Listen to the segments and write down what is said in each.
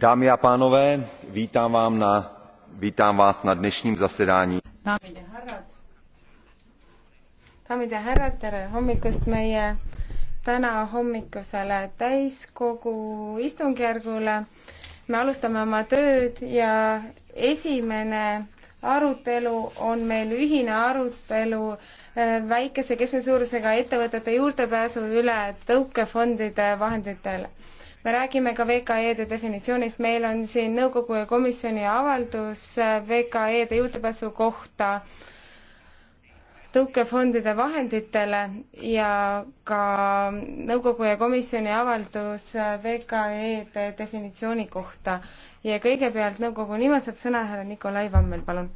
dámy a pánové vítám, na, vítám vás na dnešním zasedání daamid ja härrad tere hommikust meie täna hommikusele täiskogu istungjärgule me alustame oma tööd ja esimene arutelu on meil ühine arutelu äh, väikese keskmise suurusega ettevõtete juurdepääsu üle tõukefondide vahenditele me räägime ka VKE-de definitsioonist, meil on siin nõukogu ja komisjoni avaldus VKE-de juurdepääsu kohta tõukefondide vahenditele ja ka nõukogu ja komisjoni avaldus VKE-de definitsiooni kohta. ja kõigepealt nõukogu nimel saab sõna härra Nikolai Vammel, palun.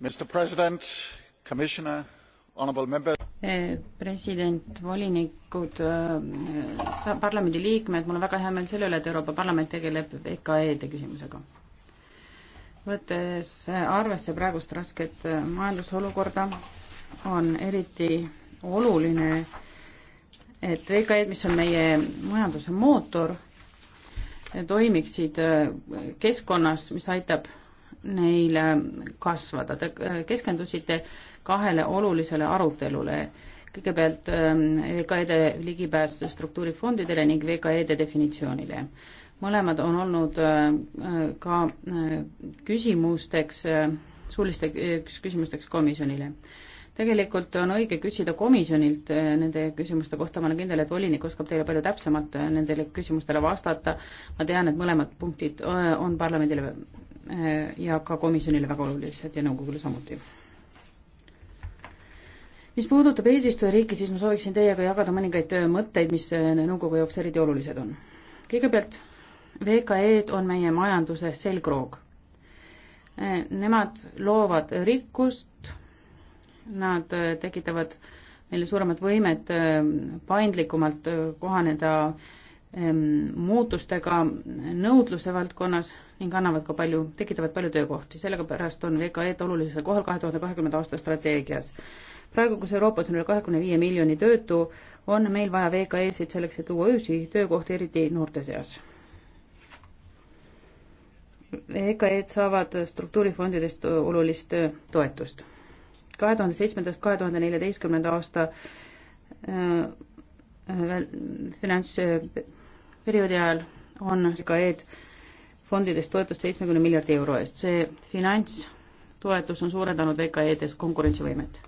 Mr President, Commissioner Eh, president, volinikud, eh, parlamendi liikmed, mul on väga hea meel selle üle, et Euroopa Parlament tegeleb EKE-de küsimusega. võttes arvesse praegust rasket eh, majandusolukorda, on eriti oluline, et VKE-d, mis on meie majanduse mootor, toimiksid keskkonnas, mis aitab neil kasvada. Te keskendusite kahele olulisele arutelule. kõigepealt VKE-de ähm, e ligipääs struktuurifondidele ning VKE-de definitsioonile. mõlemad on olnud äh, äh, ka äh, küsimusteks, suulisteks küsimusteks komisjonile tegelikult on õige küsida komisjonilt nende küsimuste kohta, ma olen kindel, et volinik oskab teile palju täpsemalt nendele küsimustele vastata, ma tean, et mõlemad punktid on parlamendile ja ka komisjonile väga olulised ja nõukogule samuti mis puudutab eesistujariiki, siis ma sooviksin teiega jagada mõningaid äh, mõtteid, mis äh, nõukogu jaoks eriti olulised on. kõigepealt, VKE-d on meie majanduse selgroog. Äh, nemad loovad rikkust, nad tekitavad meile suuremat võimet paindlikumalt kohaneda ähm, muutustega nõudluse valdkonnas ning annavad ka palju, tekitavad palju töökohti, sellepärast on VKE-d olulisel kohal kahe tuhande kahekümnenda aasta strateegias praegu, kus Euroopas on üle kahekümne viie miljoni töötu, on meil vaja VKE-sid selleks, et luua uusi töökohti, eriti noorte seas. VKE-d saavad struktuurifondidest olulist toetust. kahe tuhande seitsmendast kahe tuhande neljateistkümnenda aasta äh, äh finantsperioodi ajal on VKE-d fondidest toetust seitsmekümne miljardi euro eest. see finantstoetus on suurendanud VKE-des konkurentsivõimet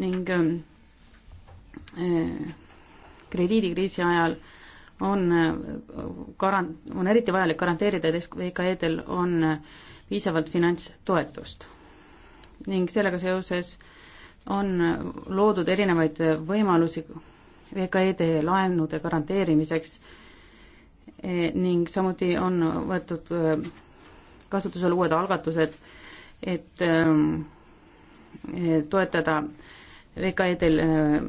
ning ähm, äh, krediidikriisi ajal on äh, garan-, on eriti vajalik garanteerida, et VKE-del on äh, piisavalt finantstoetust. ning sellega seoses on loodud erinevaid võimalusi VKE-de laenude garanteerimiseks ning samuti on võetud kasutusele uued algatused, et ähm, toetada äh, VKE-del äh,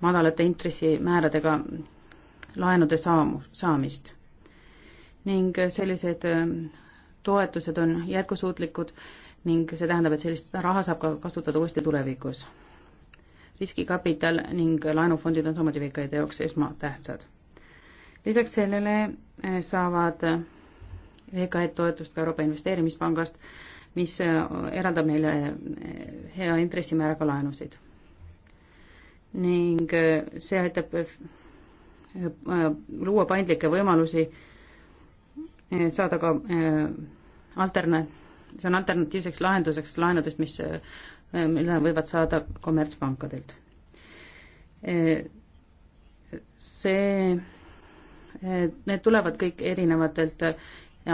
madalate intressimääradega laenude saamu, saamist. ning sellised äh, toetused on jätkusuutlikud ning see tähendab, et sellist raha saab ka kasutada uuesti tulevikus. riskikapital ning laenufondid on samuti VKE-de jaoks esmatähtsad. lisaks sellele äh, saavad VKE-d toetust ka Euroopa Investeerimispangast mis äh, eraldab neile äh, hea intressimääraga laenusid. ning äh, see aitab luua paindlikke võimalusi saada ka alterne-, see on alternatiivseks lahenduseks laenudest, mis, mille võivad saada kommertspankadelt. see, need tulevad kõik erinevatelt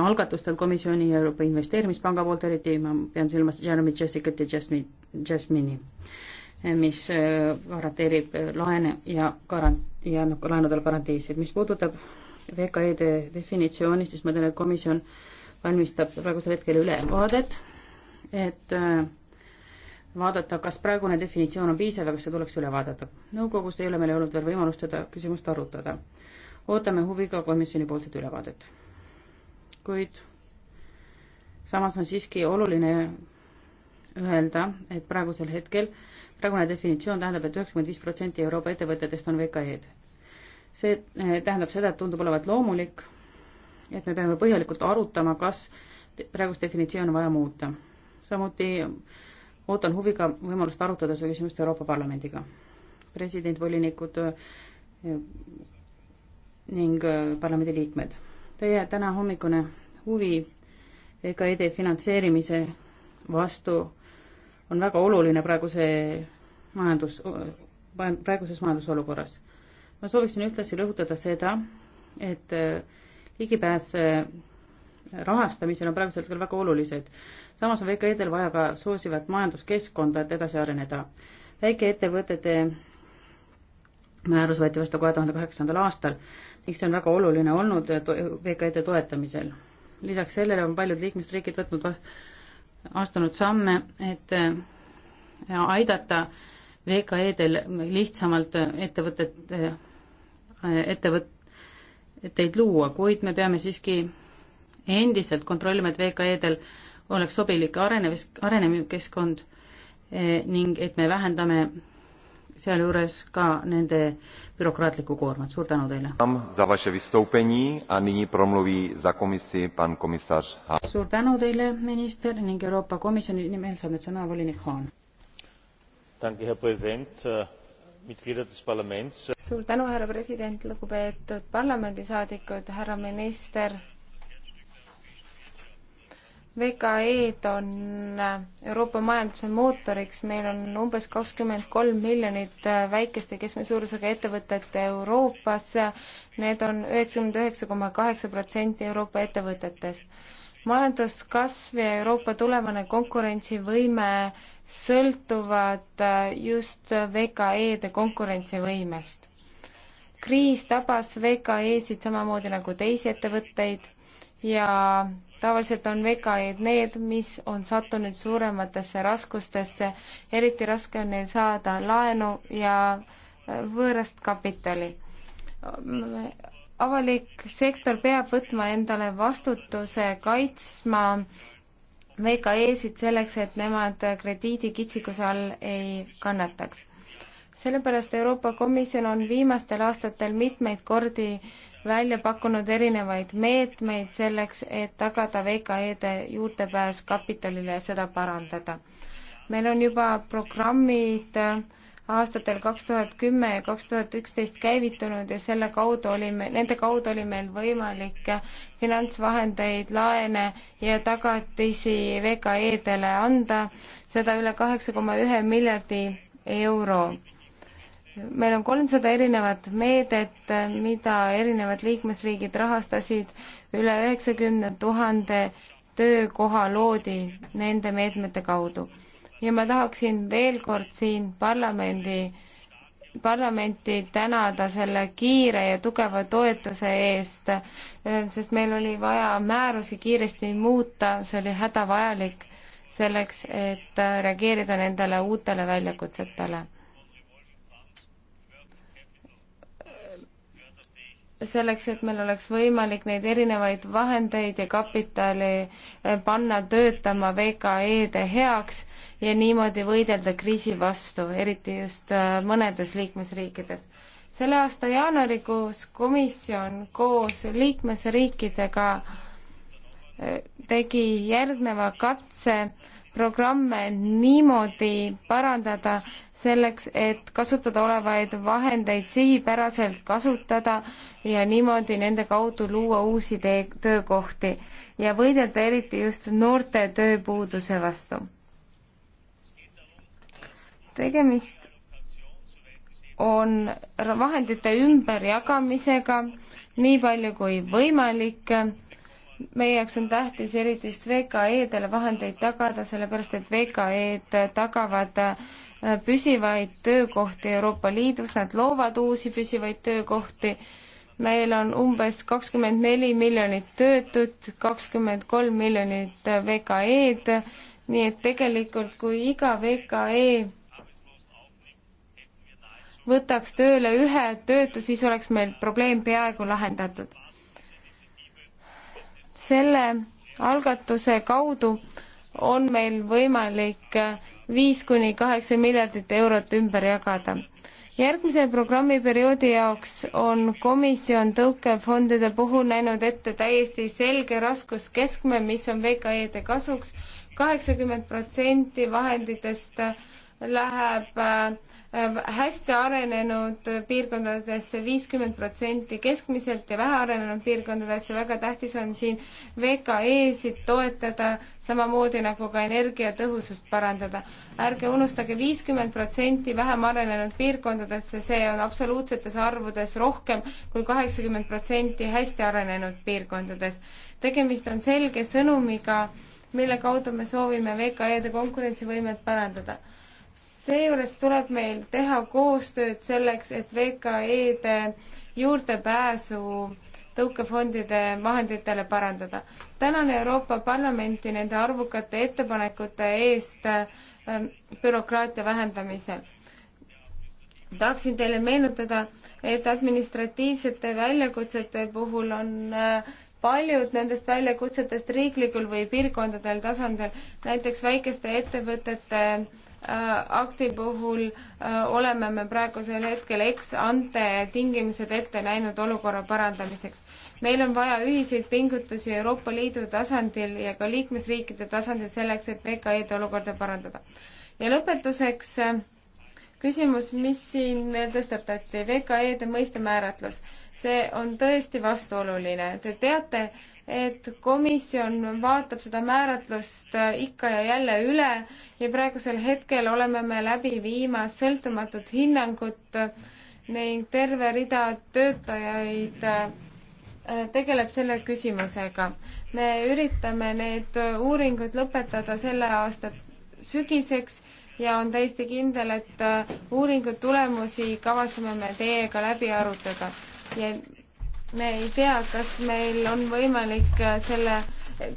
algatustel komisjoni ja Euroopa Investeerimispanga poolt eriti, ma pean silmas Jeremy Jessicat ja Jasmine, Jasmine'i, mis äh, garanteerib äh, laene ja garant-, ja annab noh, laenudele garantiisid. mis puudutab VKE-de definitsiooni, siis ma tean, et komisjon valmistab praegusel hetkel ülevaadet, et äh, vaadata, kas praegune definitsioon on piisav ja kas see tuleks üle vaadata. nõukogus ei ole meil olnud veel võimalust seda küsimust arutada. ootame huviga komisjonipoolset ülevaadet kuid samas on siiski oluline öelda, et praegusel hetkel, praegune definitsioon tähendab et, et üheksakümmend viis protsenti Euroopa ettevõtetest on VKE-d. see eh, tähendab seda, et tundub olevat loomulik, et me peame põhjalikult arutama, kas praegust definitsiooni on vaja muuta. samuti ootan huviga võimalust arutada seda küsimust Euroopa Parlamendiga. president, volinikud eh, ning eh, parlamendiliikmed teie tänahommikune huvi EKID finantseerimise vastu on väga oluline praeguse majandus, praeguses majandusolukorras. ma sooviksin ühtlasi rõhutada seda, et äh, ligipääs äh, rahastamisel on praegusel hetkel väga olulised. samas on VKE-del vaja ka soosivat majanduskeskkonda, et edasi areneda. väikeettevõtete määrus võeti vastu kahe tuhande kaheksandal aastal ning see on väga oluline olnud VKE-de toetamisel. lisaks sellele on paljud liikmesriigid võtnud, astunud samme, et äh, aidata VKE-del lihtsamalt äh, ettevõtet, äh, ettevõtteid luua, kuid me peame siiski endiselt kontrollima, et VKE-del oleks sobilik arenev, arenemiskeskkond ning et me vähendame sealjuures ka nende bürokraatlikku koormat. suur tänu teile. suur tänu teile, minister ning Euroopa Komisjoni nimel saab nüüd sõna volinik Haan. Äh, suur tänu, härra president, lugupeetud parlamendisaadikud, härra minister VKE-d on äh, Euroopa majanduse mootoriks, meil on umbes kakskümmend kolm miljonit äh, väikeste keskmise suurusega ettevõtet Euroopas, need on üheksakümmend üheksa koma kaheksa protsenti Euroopa ettevõtetest. majanduskasv ja Euroopa tulevane konkurentsivõime sõltuvad äh, just VKE-de konkurentsivõimest. kriis tabas VKE-sid samamoodi nagu teisi ettevõtteid ja tavaliselt on VKE-d need, mis on sattunud suurematesse raskustesse, eriti raske on neil saada laenu ja äh, võõrast kapitali. avalik sektor peab võtma endale vastutuse kaitsma VKE-sid selleks, et nemad krediidikitsikuse all ei kannataks. sellepärast Euroopa Komisjon on viimastel aastatel mitmeid kordi välja pakkunud erinevaid meetmeid selleks, et tagada VKE-de juurdepääs kapitalile ja seda parandada. meil on juba programmid äh, aastatel kaks tuhat kümme ja kaks tuhat üksteist käivitunud ja selle kaudu oli me, nende kaudu oli meil võimalik äh, finantsvahendeid, laene ja tagatisi VKE-dele anda, seda üle kaheksa koma ühe miljardi euro meil on kolmsada erinevat meedet, mida erinevad liikmesriigid rahastasid, üle üheksakümne tuhande töökoha loodi nende meetmete kaudu. ja ma tahaksin veel kord siin parlamendi, parlamenti tänada selle kiire ja tugeva toetuse eest, sest meil oli vaja määrusi kiiresti muuta, see oli hädavajalik selleks, et reageerida nendele uutele väljakutsetele selleks, et meil oleks võimalik neid erinevaid vahendeid ja kapitali eh, panna töötama VKE-de heaks ja niimoodi võidelda kriisi vastu, eriti just eh, mõnedes liikmesriikides. selle aasta jaanuarikuus komisjon koos liikmesriikidega eh, tegi järgneva katse programme niimoodi parandada, selleks et kasutada olevaid vahendeid sihipäraselt kasutada ja niimoodi nende kaudu luua uusi tee, töökohti ja võidelda eriti just noorte tööpuuduse vastu. tegemist on vahendite ümberjagamisega nii palju kui võimalik meie jaoks on tähtis eriti just VKE-dele vahendeid tagada, sellepärast et VKE-d tagavad äh, püsivaid töökohti Euroopa Liidus, nad loovad uusi püsivaid töökohti. meil on umbes kakskümmend neli miljonit töötut, kakskümmend kolm miljonit äh, VKE-d, nii et tegelikult kui iga VKE võtaks tööle ühe töötu, siis oleks meil probleem peaaegu lahendatud selle algatuse kaudu on meil võimalik viis kuni kaheksa miljardit eurot ümber jagada. järgmise programmiperioodi jaoks on komisjon tõukefondide puhul näinud ette täiesti selge raskuskeskme, mis on VKE-de kasuks. kaheksakümmend protsenti vahenditest läheb äh, Äh, hästi arenenud piirkondadesse viiskümmend protsenti keskmiselt ja vähearenenud piirkondadesse, väga tähtis on siin VKE-sid toetada, samamoodi nagu ka energiatõhusust parandada. ärge unustage, viiskümmend protsenti vähem arenenud piirkondadesse, see on absoluutsetes arvudes rohkem kui kaheksakümmend protsenti hästi arenenud piirkondades. tegemist on selge sõnumiga, mille kaudu me soovime VKE-de konkurentsivõimet parandada seejuures tuleb meil teha koostööd selleks, et VKE-de juurdepääsu tõukefondide vahenditele parandada. tänan Euroopa Parlamenti nende arvukate ettepanekute eest ähm, bürokraatia vähendamisel. tahaksin teile meenutada, et administratiivsete väljakutsete puhul on äh, paljud nendest väljakutsetest riiklikul või piirkondadel tasandil, näiteks väikeste ettevõtete äh, Äh, akti puhul äh, oleme me praegusel hetkel ex-ante tingimused ette näinud olukorra parandamiseks. meil on vaja ühiseid pingutusi Euroopa Liidu tasandil ja ka liikmesriikide tasandil selleks, et VKE-de olukorda parandada. ja lõpetuseks äh, küsimus, mis siin tõstatati, VKE-de mõiste määratlus. see on tõesti vastuoluline. Te teate, et komisjon vaatab seda määratlust äh, ikka ja jälle üle ja praegusel hetkel oleme me läbi viimas sõltumatut hinnangut äh, ning terve rida töötajaid äh, tegeleb selle küsimusega. me üritame need uuringud lõpetada selle aasta sügiseks ja on täiesti kindel, et uuringu tulemusi kavatseme me teiega läbi arutada ja me ei tea, kas meil on võimalik äh, selle,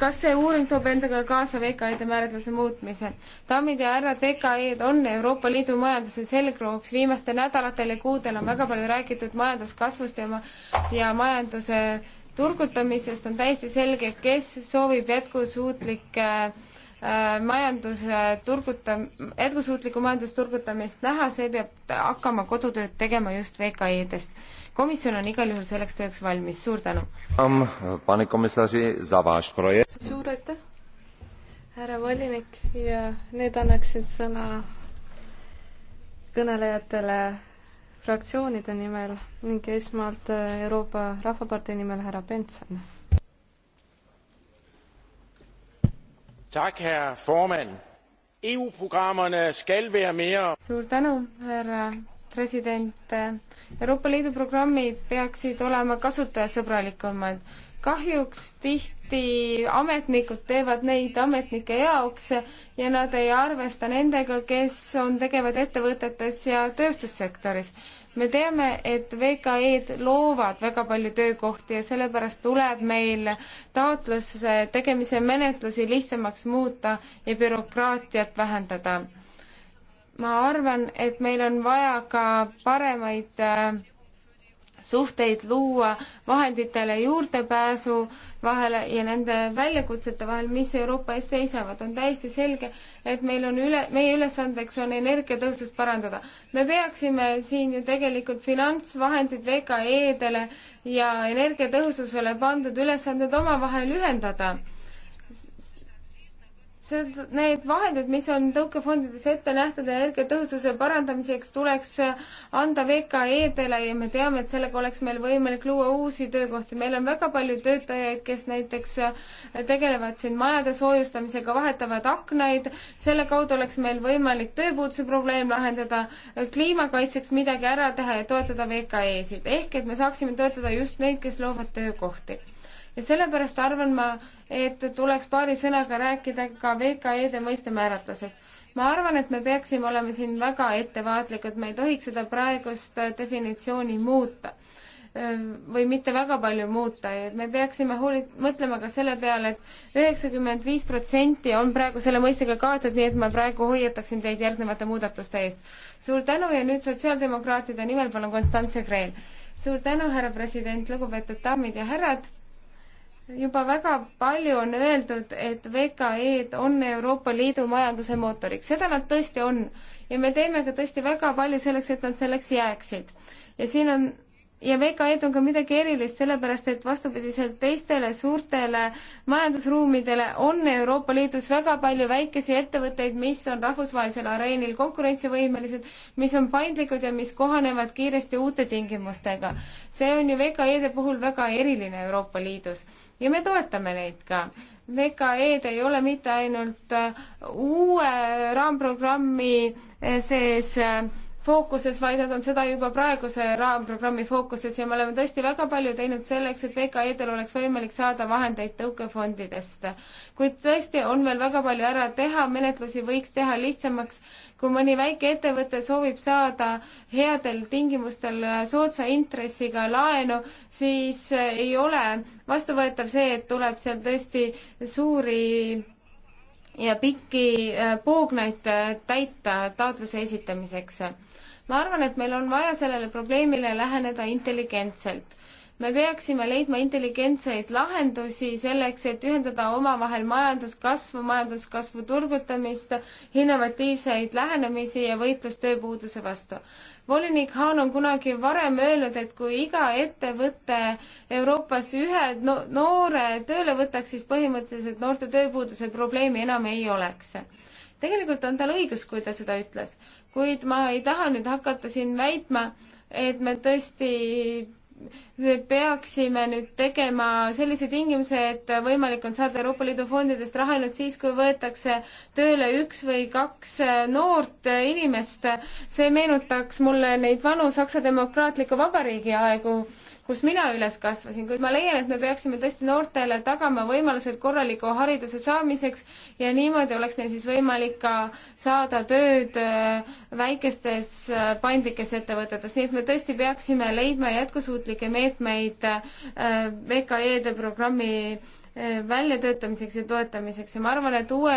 kas see uuring toob endaga kaasa VKE-de määratluse muutmise. daamid ja härrad, VKE-d on Euroopa Liidu majanduse selgrooks. viimastel nädalatel ja kuudel on väga palju räägitud majanduskasvust ja ma-, ja majanduse turgutamisest on täiesti selge, kes soovib jätkusuutlikke äh, äh, majanduse turguta-, jätkusuutlikku majandusturgutamist näha, see peab hakkama kodutööd tegema just VKI-dest komisjon on igal juhul selleks tööks valmis, suur tänu. suur aitäh, härra volinik ja nüüd annaksin sõna kõnelejatele fraktsioonide nimel ning esmalt äh, Euroopa Rahvapartei nimel härra Benson. E suur tänu, härra president. Euroopa Liidu programmid peaksid olema kasutajasõbralikumad. kahjuks tihti ametnikud teevad neid ametnike jaoks ja nad ei arvesta nendega, kes on tegevad ettevõtetes ja tööstussektoris. me teame, et VKE-d loovad väga palju töökohti ja sellepärast tuleb meil taotluse tegemise menetlusi lihtsamaks muuta ja bürokraatiat vähendada ma arvan, et meil on vaja ka paremaid äh, suhteid luua vahenditele juurdepääsu vahele ja nende väljakutsete vahel, mis Euroopa ees seisavad, on täiesti selge, et meil on üle, meie ülesandeks on energiatõhusust parandada. me peaksime siin ju tegelikult finantsvahendid VKE-dele ja energiatõhususele pandud ülesanded omavahel ühendada see, need vahendid, mis on tõukefondides ette nähtud energiatõhususe parandamiseks, tuleks anda VKE-dele ja me teame, et sellega oleks meil võimalik luua uusi töökohti. meil on väga palju töötajaid, kes näiteks tegelevad siin majade soojustamisega, vahetavad aknaid, selle kaudu oleks meil võimalik tööpuuduse probleem lahendada, kliimakaitseks midagi ära teha ja toetada VKE-sid. ehk et me saaksime toetada just neid, kes loovad töökohti ja sellepärast arvan ma, et tuleks paari sõnaga rääkida ka VKE-de mõiste määratlusest. ma arvan, et me peaksime olema siin väga ettevaatlikud, me ei tohiks seda praegust definitsiooni muuta või mitte väga palju muuta ja me peaksime hooli-, mõtlema ka selle peale et, et üheksakümmend viis protsenti on praegu selle mõistega kaetud, nii et ma praegu hoiataksin teid järgnevate muudatuste eest. suur tänu ja nüüd sotsiaaldemokraatide nimel palun Konstantse Kreel. suur tänu, härra president, lugupeetud daamid ja härrad juba väga palju on öeldud, et VKE-d on Euroopa Liidu majanduse mootoriks, seda nad tõesti on. ja me teeme ka tõesti väga palju selleks, et nad selleks jääksid. ja siin on ja VKE-d on ka midagi erilist, sellepärast et vastupidiselt teistele suurtele majandusruumidele on Euroopa Liidus väga palju väikesi ettevõtteid, mis on rahvusvahelisel areenil konkurentsivõimelised, mis on paindlikud ja mis kohanevad kiiresti uute tingimustega. see on ju VKE-de puhul väga eriline Euroopa Liidus ja me toetame neid ka. VKE-d ei ole mitte ainult äh, uue raamprogrammi äh, sees äh, fookuses, vaid nad on seda juba praeguse raamprogrammi fookuses ja me oleme tõesti väga palju teinud selleks, et VKE-del oleks võimalik saada vahendeid tõukefondidest. kuid tõesti on veel väga palju ära teha, menetlusi võiks teha lihtsamaks. kui mõni väikeettevõte soovib saada headel tingimustel soodsa intressiga laenu, siis ei ole vastuvõetav see, et tuleb seal tõesti suuri ja pikki poognaid täita taotluse esitamiseks ma arvan, et meil on vaja sellele probleemile läheneda intelligentselt. me peaksime leidma intelligentseid lahendusi selleks, et ühendada omavahel majanduskasvu, majanduskasvu turgutamist, innovatiivseid lähenemisi ja võitlust tööpuuduse vastu volinik Haan on kunagi varem öelnud, et kui iga ettevõte Euroopas ühe no noore tööle võtaks, siis põhimõtteliselt noorte tööpuuduse probleemi enam ei oleks. tegelikult on tal õigus, kui ta seda ütles, kuid ma ei taha nüüd hakata siin väitma, et me tõesti peaksime nüüd tegema sellise tingimuse, et võimalik on saada Euroopa Liidu fondidest raha ainult siis, kui võetakse tööle üks või kaks noort inimest. see meenutaks mulle neid vanu Saksa Demokraatliku Vabariigi aegu kus mina üles kasvasin, kuid ma leian, et me peaksime tõesti noortele tagama võimalused korraliku hariduse saamiseks ja niimoodi oleks neil siis võimalik ka saada tööd äh, väikestes äh, paindlikes ettevõtetes, nii et me tõesti peaksime leidma jätkusuutlikke meetmeid äh, VKE-de programmi väljatöötamiseks ja toetamiseks ja ma arvan, et uue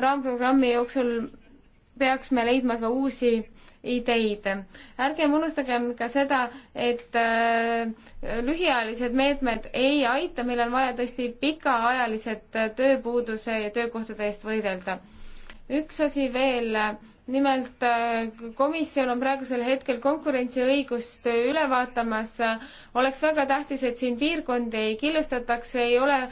raamprogrammi jooksul peaks me leidma ka uusi ideid. ärgem unustagem ka seda, et äh, lühiajalised meetmed ei aita, meil on vaja tõesti pikaajalised äh, tööpuuduse ja töökohtade eest võidelda. üks asi veel, nimelt äh, komisjon on praegusel hetkel konkurentsiõigust üle vaatamas. oleks väga tähtis, et siin piirkondi ei killustataks, ei ole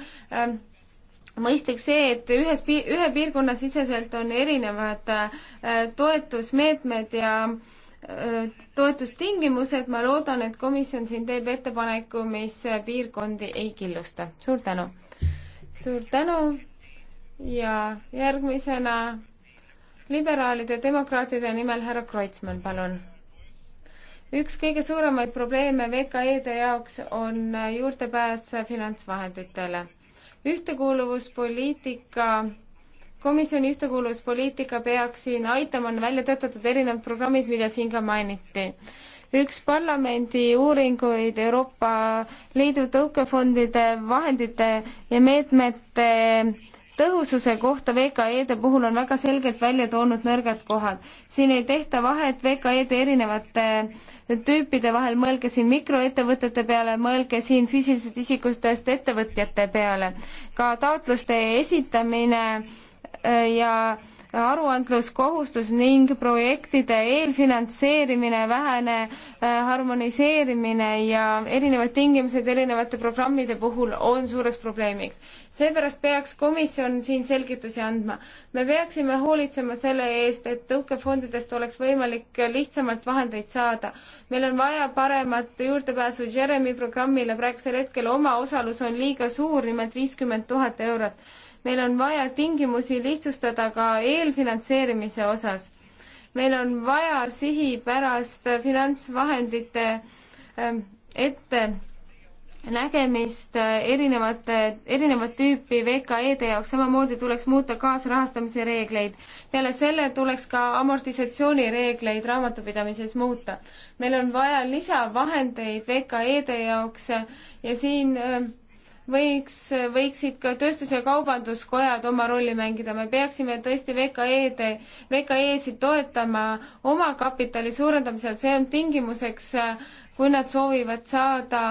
mõistlik see, et ühes, ühe piirkonna siseselt on erinevad äh, toetusmeetmed ja äh, toetustingimused, ma loodan, et komisjon siin teeb ettepaneku, mis piirkondi ei killusta. suur tänu! suur tänu ja järgmisena liberaalide demokraatide nimel härra Kreutzmann, palun! üks kõige suuremaid probleeme VKE-de jaoks on juurdepääs finantsvahenditele ühtekuuluvuspoliitika komisjoni ühtekuuluvuspoliitika peaks siin aitama, on välja töötatud erinevad programmid, mida siin ka mainiti. üks parlamendi uuringuid Euroopa Liidu tõukefondide vahendite ja meetmete tõhususe kohta VKE-de puhul on väga selgelt välja toonud nõrgad kohad. siin ei tehta vahet VKE-de erinevate tüüpide vahel, mõelge siin mikroettevõtete peale, mõelge siin füüsilisest isikustest ettevõtjate peale. ka taotluste esitamine äh, ja äh, aruandluskohustus ning projektide eelfinantseerimine, vähene äh, harmoniseerimine ja erinevad tingimused erinevate programmide puhul on suureks probleemiks. seepärast peaks komisjon siin selgitusi andma. me peaksime hoolitsema selle eest, et tõukefondidest oleks võimalik lihtsamalt vahendeid saada. meil on vaja paremat juurdepääsu Jeremy programmile, praegusel hetkel omaosalus on liiga suur, nimelt viiskümmend tuhat eurot meil on vaja tingimusi lihtsustada ka eelfinantseerimise osas. meil on vaja sihipärast finantsvahendite ähm, ette nägemist äh, erinevate, erinevat tüüpi VKE-de jaoks, samamoodi tuleks muuta kaasrahastamise reegleid. peale selle tuleks ka amortisatsioonireegleid raamatupidamises muuta. meil on vaja lisavahendeid VKE-de jaoks ja siin ähm, võiks, võiksid ka tööstus- ja kaubanduskojad oma rolli mängida, me peaksime tõesti VKE-de, VKE-sid toetama omakapitali suurendamisel, see on tingimuseks, kui nad soovivad saada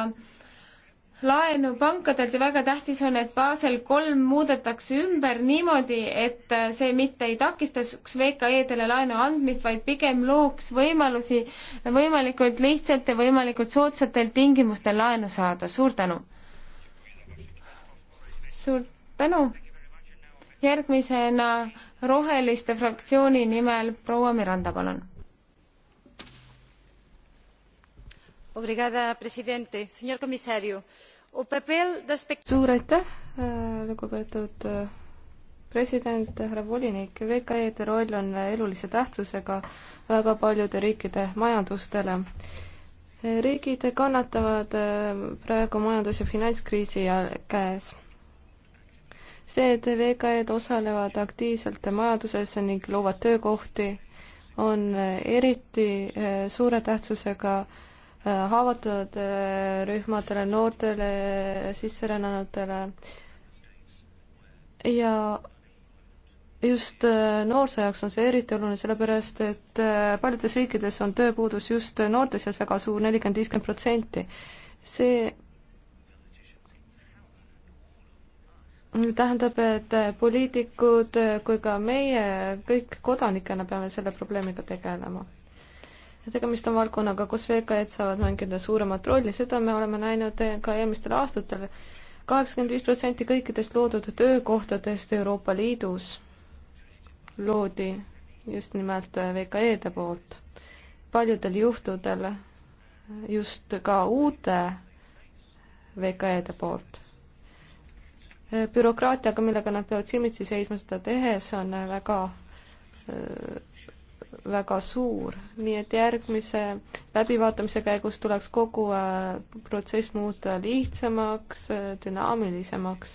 laenu pankadelt ja väga tähtis on, et baasel kolm muudetakse ümber niimoodi, et see mitte ei takistaks VKE-dele laenu andmist, vaid pigem looks võimalusi võimalikult lihtsalt ja võimalikult soodsatel tingimustel laenu saada. suur tänu! suur tänu. järgmisena Roheliste fraktsiooni nimel proua Miranda, palun. suur aitäh, äh, lugupeetud äh, president, härra volinik, VKE-de roll on elulise tähtsusega väga paljude riikide majandustele. Äh, riigid kannatavad praegu majandus- ja finantskriisi käes see, et VKE-d osalevad aktiivselt majanduses ning loovad töökohti, on eriti eh, suure tähtsusega eh, haavatavatele eh, rühmadele, noortele sisserännanutele ja just noorsoo jaoks on see eriti oluline, sellepärast et paljudes riikides on tööpuudus just noorte seas väga suur, nelikümmend, viiskümmend protsenti. see tähendab, et poliitikud kui ka meie kõik kodanikena peame selle probleemiga tegelema. tegemist on valdkonnaga, kus VKE-d saavad mängida suuremat rolli, seda me oleme näinud ka eelmistel aastatel. kaheksakümmend viis protsenti kõikidest loodud töökohtadest Euroopa Liidus loodi just nimelt VKE-de poolt. paljudel juhtudel just ka uute VKE-de poolt Äh, bürokraatiaga, millega nad peavad silmitsi seisma seda tehes, on äh, väga, äh, väga suur. nii et järgmise läbivaatamise käigus tuleks kogu protsess muuta lihtsamaks, dünaamilisemaks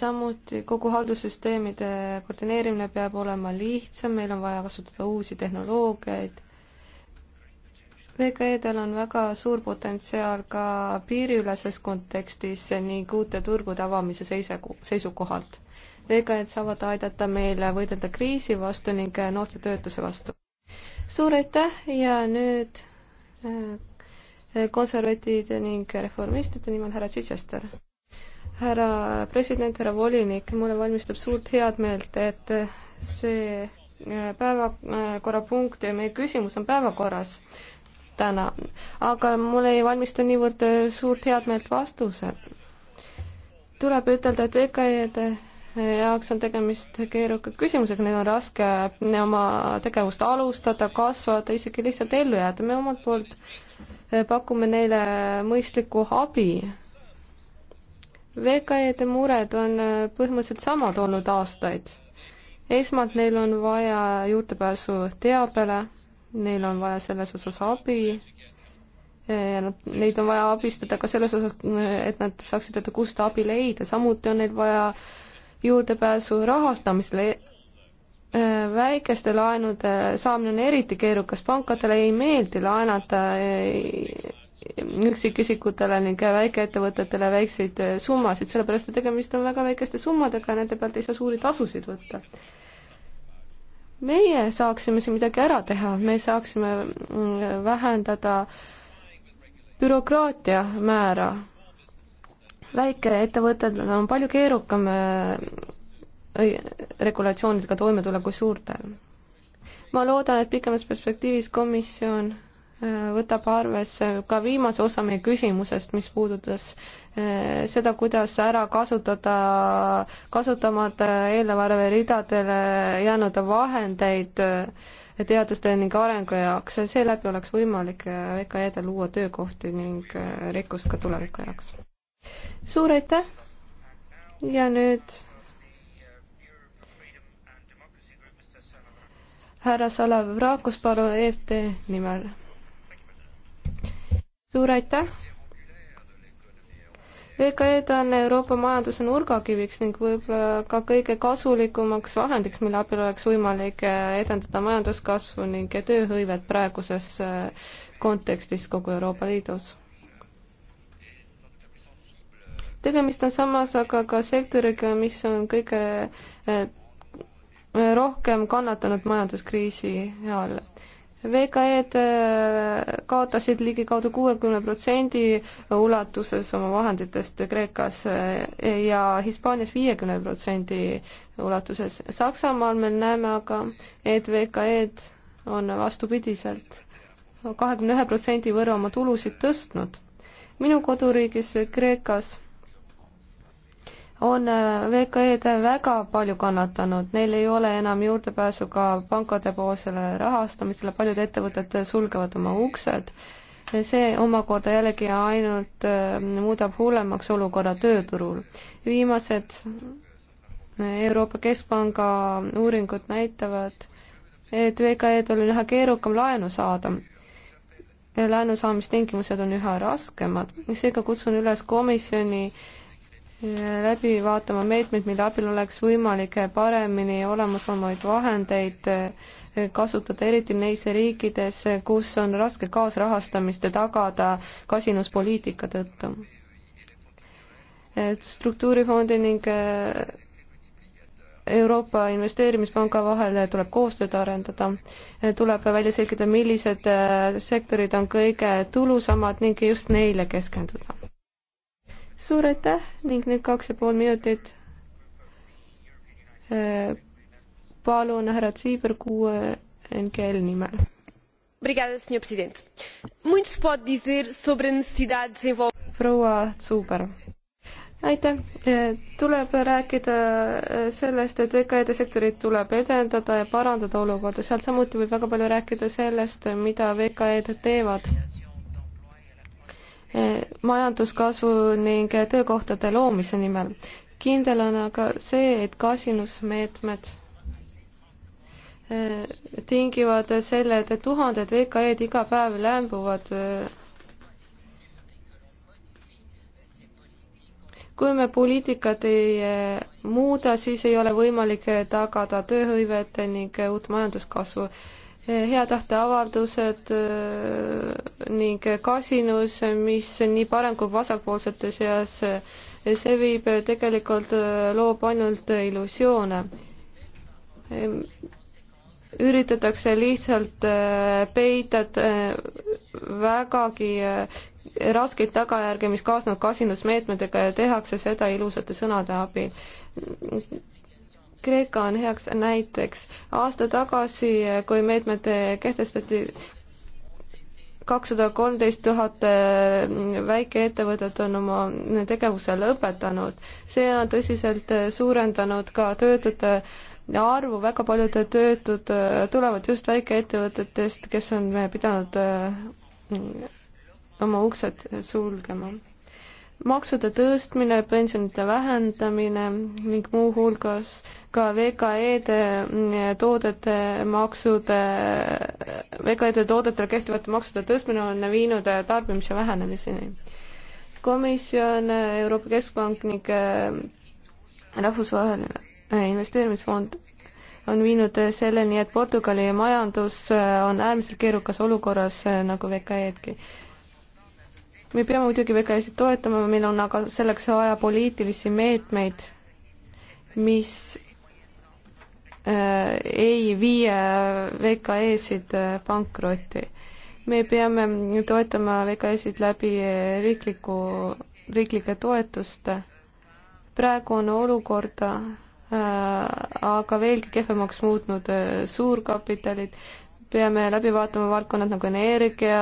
samuti kogu haldussüsteemide koordineerimine peab olema lihtsam, meil on vaja kasutada uusi tehnoloogiaid VKE-del on väga suur potentsiaal ka piiriüleses kontekstis ning uute turgude avamise seiseku-, seisukohalt. VKE-d saavad aidata meil võidelda kriisi vastu ning noorte töötuse vastu. suur aitäh ja nüüd äh, konservatiivide ning reformistide nimel härra Chichester. härra president, härra volinik, mulle valmistab suurt headmeelt, et see äh, päevakorrapunkt äh, ja meie küsimus on päevakorras täna, aga mul ei valmista niivõrd äh, suurt headmeelt vastused. tuleb ütelda, et VKE-de äh, jaoks on tegemist keeruka küsimusega, neil on raske äh, oma tegevust alustada, kasvada, isegi lihtsalt ellu jääda, me omalt poolt pakume neile mõistlikku abi. VKE-de mured on põhimõtteliselt samad olnud aastaid. esmalt neil on vaja juurdepääsu teabele neil on vaja selles osas abi ja nad, neid on vaja abistada ka selles osas, et nad saaksid teada, kust abi leida, samuti on neil vaja juurdepääsu rahastamisele. Äh, väikeste laenude saamine on eriti keerukas, pankadele ei meeldi laenata äh, üksikisikutele ning väikeettevõtetele väikseid äh, summasid, sellepärast et tegemist on väga väikeste summadega ja nende pealt ei saa suuri tasusid võtta meie saaksime siin midagi ära teha, me saaksime mm, vähendada bürokraatia määra. väikeettevõtetel on palju keerukam äh, regulatsioonidega toime tulla kui suurtel. ma loodan, et pikemas perspektiivis komisjon äh, võtab arvesse ka viimase osa meie küsimusest, mis puudutas äh, Äh, seda, kuidas ära kasutada kasutamata eelarveridadele jäänud vahendeid äh, teaduste ning arengu jaoks, seeläbi oleks võimalik äh, VKE-del luua töökohti ning rikkust ka tuleviku jaoks. suur aitäh ja nüüd härra Salav Raakus, palun EFT nimel. suur aitäh VKE-d on Euroopa majanduse nurgakiviks ning võib-olla ka kõige kasulikumaks vahendiks, mille abil oleks võimalik äh, edendada majanduskasvu ning tööhõivet praeguses äh, kontekstis kogu Euroopa Liidus. tegemist on samas aga ka sektoriga, mis on kõige äh, rohkem kannatanud majanduskriisi all VKE-d äh, kaotasid ligikaudu kuuekümne protsendi ulatuses oma vahenditest Kreekas äh, ja Hispaanias viiekümne protsendi ulatuses. Saksamaal me näeme aga, et VKE-d on vastupidiselt kahekümne ühe protsendi võrra oma tulusid tõstnud. minu koduriigis Kreekas on äh, VKE-d väga palju kannatanud, neil ei ole enam juurdepääsu ka pankadepoolsele rahastamisele, paljud ettevõtted sulgevad oma uksed. see omakorda jällegi ainult äh, muudab hullemaks olukorra tööturul. viimased äh, Euroopa Keskpanga uuringud näitavad, et VKE-del on üha keerukam laenu saada laenu saamistingimused on üha raskemad, seega kutsun üles komisjoni äh, läbi vaatama meetmeid, mille abil oleks võimalik paremini olemasolevaid vahendeid eh, kasutada, eriti neis riikides, kus on raske kaasrahastamist tagada kasinuspoliitika tõttu. Eh, struktuurifondi ning eh, Euroopa Investeerimispanga vahel tuleb koostööd arendada, tuleb välja selgitada, millised sektorid on kõige tulusamad ning just neile keskenduda suur aitäh ning nüüd kaks ja pool minutit äh, palun härra Tsiiber kuue NGL nimel. Obrigada, senhor presidente. Muito se pode dizer sobre a necessidade de desenvolver. proua Zuber. aitäh, äh, tuleb rääkida äh, sellest, et VKD sektorit tuleb edendada ja parandada olukorda, sealt samuti võib väga palju rääkida sellest, mida VKE-d teevad majanduskasvu ning töökohtade loomise nimel. kindel on aga see, et kasinusmeetmed äh, tingivad selle, et tuhanded VKE-d iga päev läämbuvad. Äh. kui me poliitikat ei äh, muuda, siis ei ole võimalik tagada tööhõivet ning uut majanduskasvu hea tahte avaldused äh, ning kasinus, mis nii parem kui vasakpoolsete seas, see viib tegelikult, äh, loob ainult illusioone. Ehm, üritatakse lihtsalt äh, peita vägagi raskeid tagajärgi, mis kaasnevad kasinusmeetmetega ja tehakse seda ilusate sõnade abil Kreeka on heaks näiteks. aasta tagasi, kui meetmed kehtestati, kakssada kolmteist tuhat äh, väikeettevõtet on oma tegevuse lõpetanud. see on tõsiselt suurendanud ka töötute arvu, väga paljud töötud äh, tulevad just väikeettevõtetest, kes on pidanud äh, oma uksed sulgema maksude tõstmine, pensionite vähendamine ning muuhulgas ka VKE-de mm, toodete maksude, VKE-de toodetele kehtivate maksude tõstmine on viinud tarbimise vähenemiseni. komisjon, Euroopa Keskpank ning äh, Rahvusvaheline Investeerimisfond on viinud selleni, et Portugali majandus äh, on äärmiselt keerukas olukorras äh, nagu VKE-dki me peame muidugi VKS-i toetama, meil on aga selleks vaja poliitilisi meetmeid, mis äh, ei vii äh, VKE-sid äh, pankrotti. me peame toetama VKS-id läbi riikliku, riiklike toetuste. praegu on olukorda äh, aga veelgi kehvemaks muutnud äh, suurkapitalid äh,, peame läbi vaatama valdkonnad nagu energia,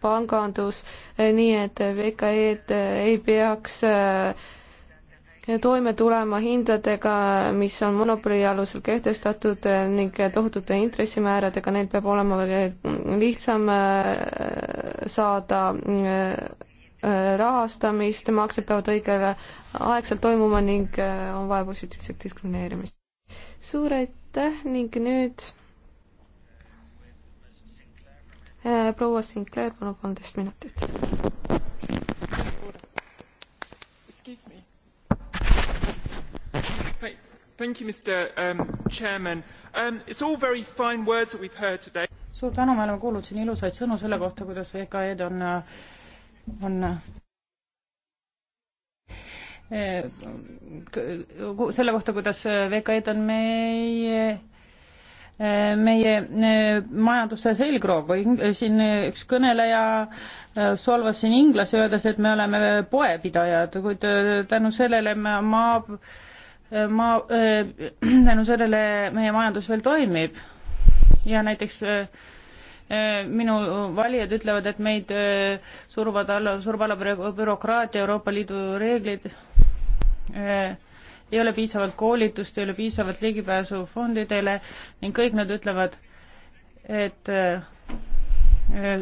pangandus, eh, nii et VKE-d eh, ei peaks eh, toime tulema hindadega, mis on monopoli alusel kehtestatud ning tohutute intressimääradega, neil peab olema lihtsam saada rahastamist, maksed peavad õigel aegselt toimuma ning on vaja positiivset diskrimineerimist. suur aitäh ning nüüd Eh, proua Sinclair, palun poolteist minutit. Thank you, Mr um, Chairman um,. It's all very fine words that we've heard today. suur tänu, me oleme kuulnud siin ilusaid sõnu selle kohta, kuidas VKE-d on, äh, on äh, äh, selle kohta, kuidas VKE-d on meie meie eh, majanduse selgroog. siin üks kõneleja eh, solvas siin inglasi, öeldes, et me oleme poepidajad, kuid eh, tänu sellele ma, ma, ma, tänu sellele meie majandus veel toimib. ja näiteks minu valijad ütlevad, et meid suruvad alla, surub alla bürokraatia, Euroopa Liidu reeglid ei ole piisavalt koolitust, ei ole piisavalt ligipääsu fondidele ning kõik nad ütlevad, et äh,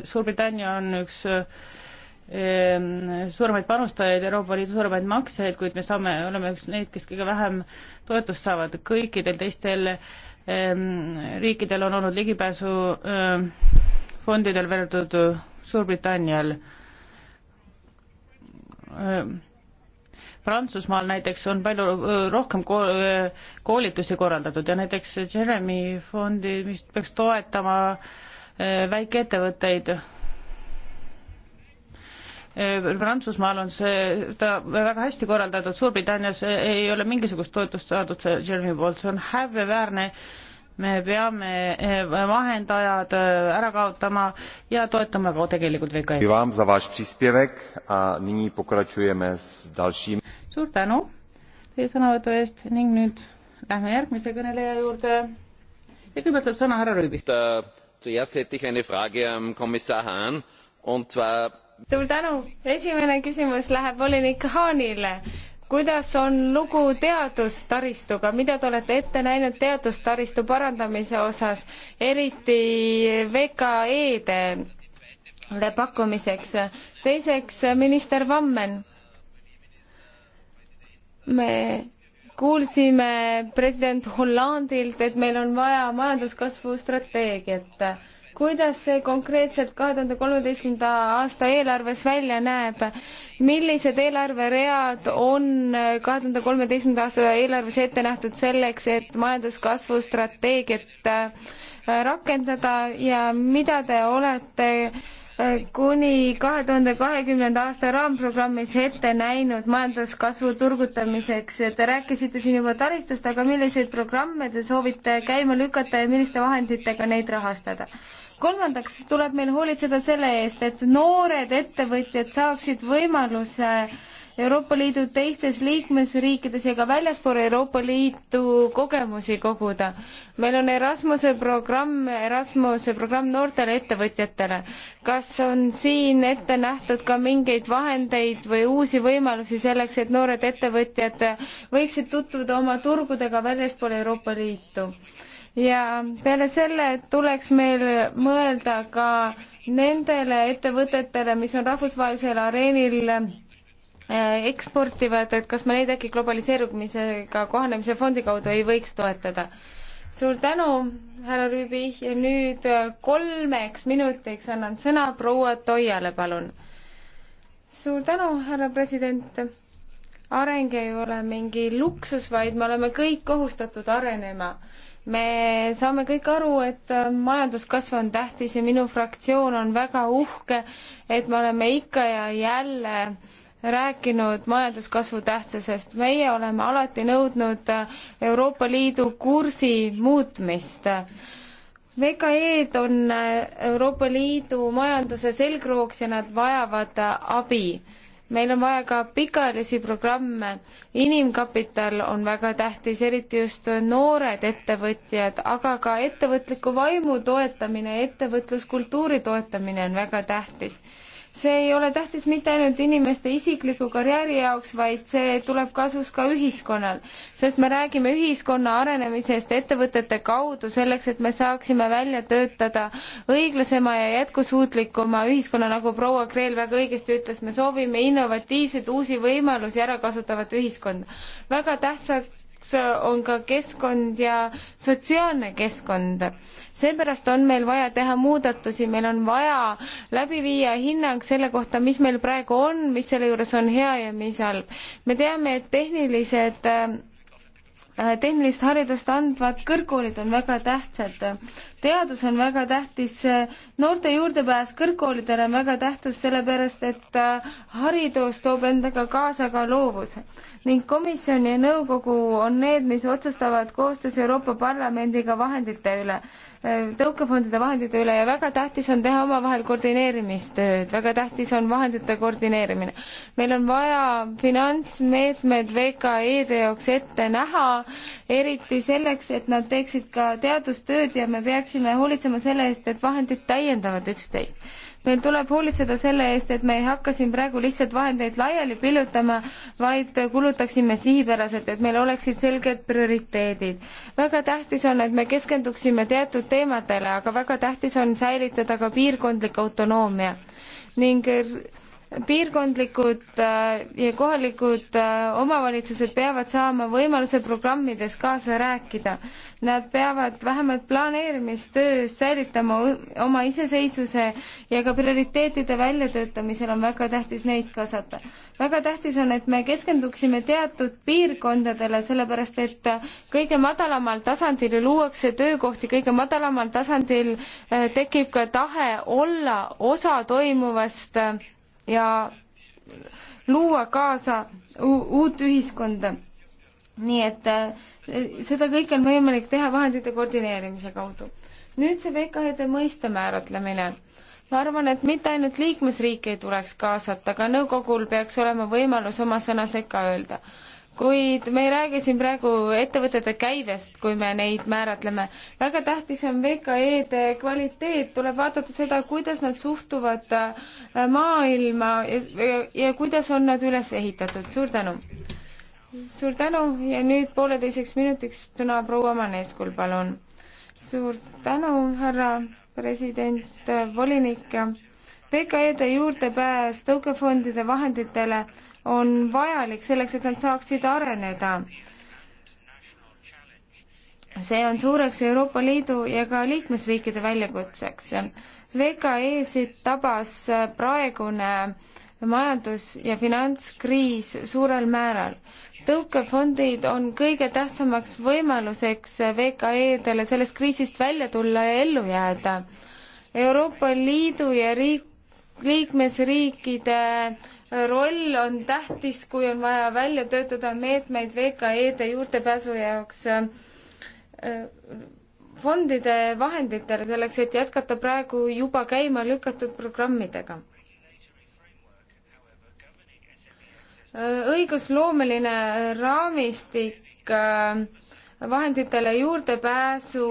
Suurbritannia on üks äh, suuremaid panustajaid, Euroopa Liidu suuremaid maksjaid, kuid me saame, oleme üks neid, kes kõige vähem toetust saavad, kõikidel teistel ähm, riikidel on olnud ligipääsu ähm, fondidel võrreldud Suurbritannial ähm, Prantsusmaal näiteks on palju rohkem koolitusi korraldatud ja näiteks Jeremy fondi, mis peaks toetama väikeettevõtteid. Prantsusmaal on see, ta väga hästi korraldatud, Suurbritannias ei ole mingisugust toetust saadud see Jeremy poolt, see on häbiväärne me peame eh, vahendajad eh, ära kaotama ja toetama ka tegelikult VKE-d. suur tänu teie sõnavõtu eest ning nüüd lähme järgmise kõneleja juurde. ja kõigepealt saab sõna härra Rüübi. suur tänu, esimene küsimus läheb volinik Haanile kuidas on lugu teadustaristuga, mida te olete ette näinud teadustaristu parandamise osas, eriti VKE-dele pakkumiseks? teiseks, minister Vammen, me kuulsime president Hollandilt, et meil on vaja majanduskasvu strateegiat kuidas see konkreetselt kahe tuhande kolmeteistkümnenda aasta eelarves välja näeb? millised eelarveread on kahe tuhande kolmeteistkümnenda aasta eelarves ette nähtud selleks, et majanduskasvu strateegiat äh, rakendada ja mida te olete kuni kahe tuhande kahekümnenda aasta raamprogrammis ette näinud majanduskasvu turgutamiseks. Te rääkisite siin juba taristust, aga milliseid programme te soovite käima lükata ja milliste vahenditega neid rahastada? kolmandaks tuleb meil hoolitseda selle eest, et noored ettevõtjad saaksid võimaluse Euroopa Liidu teistes liikmesriikides ja ka väljaspool Euroopa Liitu kogemusi koguda. meil on Erasmuse programm, Erasmuse programm noortele ettevõtjatele. kas on siin ette nähtud ka mingeid vahendeid või uusi võimalusi selleks, et noored ettevõtjad võiksid tutvuda oma turgudega väljaspool Euroopa Liitu? ja peale selle tuleks meil mõelda ka nendele ettevõtetele, mis on rahvusvahelisel areenil Äh, eksportivad, et kas me neid äkki globaliseerumisega kohanemise fondi kaudu ei võiks toetada? suur tänu, härra Rüübi ja nüüd äh, kolmeks minutiks annan sõna proua Toiale, palun. suur tänu, härra president. areng ei ole mingi luksus, vaid me oleme kõik kohustatud arenema me saame kõik aru, et äh, majanduskasv on tähtis ja minu fraktsioon on väga uhke, et me oleme ikka ja jälle rääkinud majanduskasvu tähtsusest. meie oleme alati nõudnud Euroopa Liidu kursi muutmist. VKE-d on Euroopa Liidu majanduse selgrooks ja nad vajavad abi. meil on vaja ka pikaajalisi programme. inimkapital on väga tähtis, eriti just noored ettevõtjad, aga ka ettevõtliku vaimu toetamine, ettevõtluskultuuri toetamine on väga tähtis see ei ole tähtis mitte ainult inimeste isikliku karjääri jaoks, vaid see tuleb kasus ka ühiskonnal, sest me räägime ühiskonna arenemisest ettevõtete kaudu selleks, et me saaksime välja töötada õiglasema ja jätkusuutlikuma ühiskonna, nagu proua Kreel väga õigesti ütles, me soovime innovatiivset, uusi võimalusi ära kasutavat ühiskonda. väga tähtsaks on ka keskkond ja sotsiaalne keskkond seepärast on meil vaja teha muudatusi, meil on vaja läbi viia hinnang selle kohta, mis meil praegu on, mis selle juures on hea ja mis halb. me teame, et tehnilised äh, tehnilist haridust andvad kõrgkoolid on väga tähtsad teadus on väga tähtis, noorte juurdepääs kõrgkoolidele on väga tähtis, sellepärast et äh, haridus toob endaga kaasa ka loovuse. ning komisjon ja nõukogu on need, mis otsustavad koostöös Euroopa Parlamendiga vahendite üle, äh, tõukefondide vahendite üle ja väga tähtis on teha omavahel koordineerimistööd, väga tähtis on vahendite koordineerimine. meil on vaja finantsmeetmed VKE-de jaoks ette näha, eriti selleks, et nad teeksid ka teadustööd ja me peaksime peaksime hoolitsema selle eest, et vahendid täiendavad üksteist. meil tuleb hoolitseda selle eest, et me ei hakka siin praegu lihtsalt vahendeid laiali pillutama, vaid kulutaksime sihipäraselt, et meil oleksid selged prioriteedid. väga tähtis on, et me keskenduksime teatud teemadele, aga väga tähtis on säilitada ka piirkondlik autonoomia ning piirkondlikud äh, ja kohalikud äh, omavalitsused peavad saama võimaluse programmides kaasa rääkida. Nad peavad vähemalt planeerimistöös säilitama oma iseseisvuse ja ka prioriteetide väljatöötamisel on väga tähtis neid kaasata. väga tähtis on, et me keskenduksime teatud piirkondadele, sellepärast et äh, kõige madalamal tasandil ju luuakse töökohti, kõige madalamal tasandil tekib ka tahe olla osa toimuvast ja luua kaasa uut ühiskonda. nii et eh, seda kõike on võimalik teha vahendite koordineerimise kaudu. nüüd see VKD mõiste määratlemine ma arvan, et mitte ainult liikmesriike ei tuleks kaasata, ka nõukogul peaks olema võimalus oma sõna sekka öelda kuid me ei räägi siin praegu ettevõtete käibest, kui me neid määratleme. väga tähtis on VKE-de kvaliteet, tuleb vaadata seda, kuidas nad suhtuvad äh, maailma ja, ja, ja kuidas on nad üles ehitatud. suur tänu! suur tänu ja nüüd pooleteiseks minutiks sõna proua Maneskul, palun. suur tänu, härra president, äh, volinik. VKE-de juurdepääs tõukefondide vahenditele on vajalik selleks, et nad saaksid areneda. see on suureks Euroopa Liidu ja ka liikmesriikide väljakutseks. VKE-sid tabas praegune majandus- ja finantskriis suurel määral. tõukefondid on kõige tähtsamaks võimaluseks VKE-dele sellest kriisist välja tulla ja ellu jääda. Euroopa Liidu ja riik, liikmesriikide roll on tähtis, kui on vaja välja töötada meetmeid VKE-de juurdepääsu jaoks äh, fondide vahenditele, selleks et jätkata praegu juba käima lükatud programmidega. õigusloomeline raamistik äh, vahenditele juurdepääsu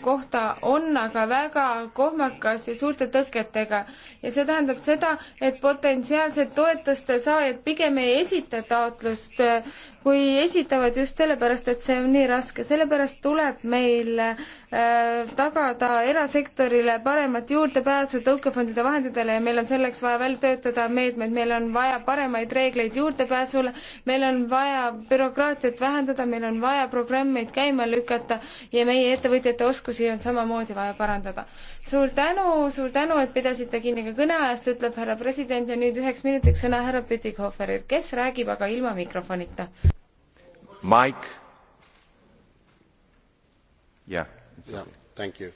kohta on aga väga kohmakas ja suurte tõketega ja see tähendab seda, et potentsiaalsed toetuste saajad pigem ei esita taotlust, kui esitavad just sellepärast, et see on nii raske, sellepärast tuleb meil äh, tagada erasektorile paremat juurdepääsu tõukefondide vahenditele ja meil on selleks vaja välja töötada meetmed, meil on vaja paremaid reegleid juurdepääsule, meil on vaja bürokraatiat vähendada, meil on vaja programmi programmeid käima lükata ja meie ettevõtjate oskusi on samamoodi vaja parandada. suur tänu, suur tänu, et pidasite kinni ka kõneajast, ütleb härra president ja nüüd üheks minutiks sõna härra Pütikhoferil, kes räägib aga ilma mikrofonita. Mike. jah. jah, thank you.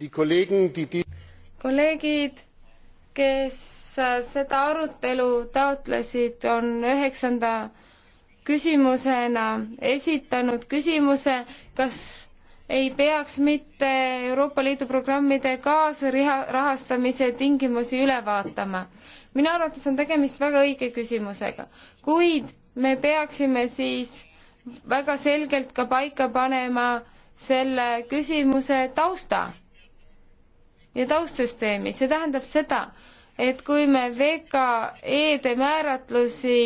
Die Kollegen, die die kolleegid, kes äh, seda arutelu taotlesid, on üheksanda 9 küsimusena esitanud küsimuse, kas ei peaks mitte Euroopa Liidu programmide kaasrahastamise tingimusi üle vaatama. minu arvates on tegemist väga õige küsimusega, kuid me peaksime siis väga selgelt ka paika panema selle küsimuse tausta ja taustsüsteemi, see tähendab seda, et kui me VKE-de määratlusi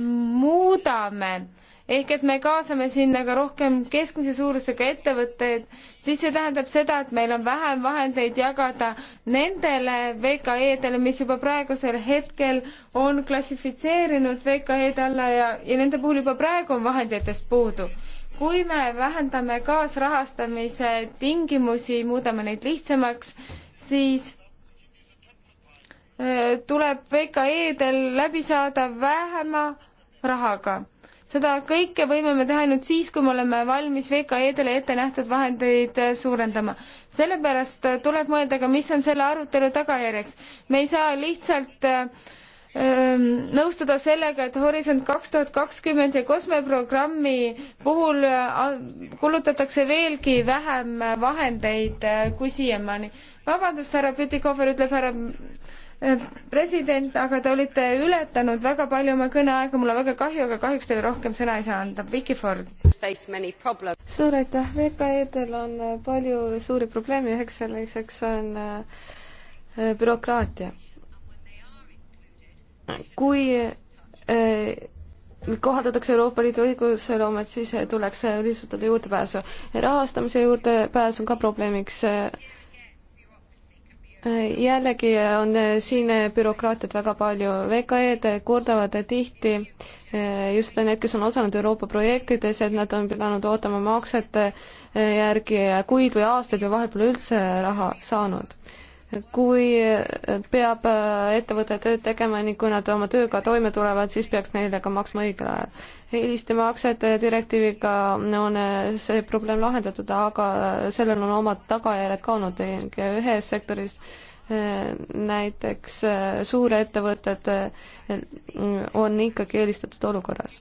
muudame, ehk et me kaasame sinna ka rohkem keskmise suurusega ettevõtteid, siis see tähendab seda, et meil on vähem vahendeid jagada nendele VKE-dele, mis juba praegusel hetkel on klassifitseerinud VKE-d alla ja, ja nende puhul juba praegu on vahenditest puudu. kui me vähendame kaasrahastamise tingimusi, muudame neid lihtsamaks, siis tuleb VKE-del läbi saada vähema rahaga. seda kõike võime me teha ainult siis, kui me oleme valmis VKE-dele ette nähtud vahendeid suurendama. sellepärast tuleb mõelda ka, mis on selle arutelu tagajärjeks. me ei saa lihtsalt ähm, nõustuda sellega, et Horisont kaks tuhat kakskümmend ja COSME programmi puhul äh, kulutatakse veelgi vähem vahendeid äh, kui siiamaani. vabandust, härra Pütikofer, ütleb härra Eh, president, aga te olite ületanud väga palju oma kõneaega, mul on väga kahju, aga kahjuks teile rohkem sõna ei saa anda. Vicky Ford. suur aitäh, VKE-del on eh, palju suuri probleeme, üheks selliseks on eh, bürokraatia. kui kohaldatakse Euroopa Liidu õigusloomet, siis tuleks lihtsustada juurdepääsu. rahastamise juurdepääs on ka probleemiks jällegi on eh, siin eh, bürokraatiat väga palju. VKE-d kurdavad eh, tihti just need, kes on osalenud Euroopa projektides, et nad on pidanud ootama maksete järgi kuid või aastaid või vahel pole üldse raha saanud kui eh, peab eh, ettevõte tööd tegema ning kui nad oma tööga toime tulevad, siis peaks neile ka maksma õigel ajal. hiliste maksete eh, direktiiviga on see probleem lahendatud, aga sellel on omad tagajärjed ka olnud ning ühes sektoris näiteks suurettevõtted on ikkagi eelistatud olukorras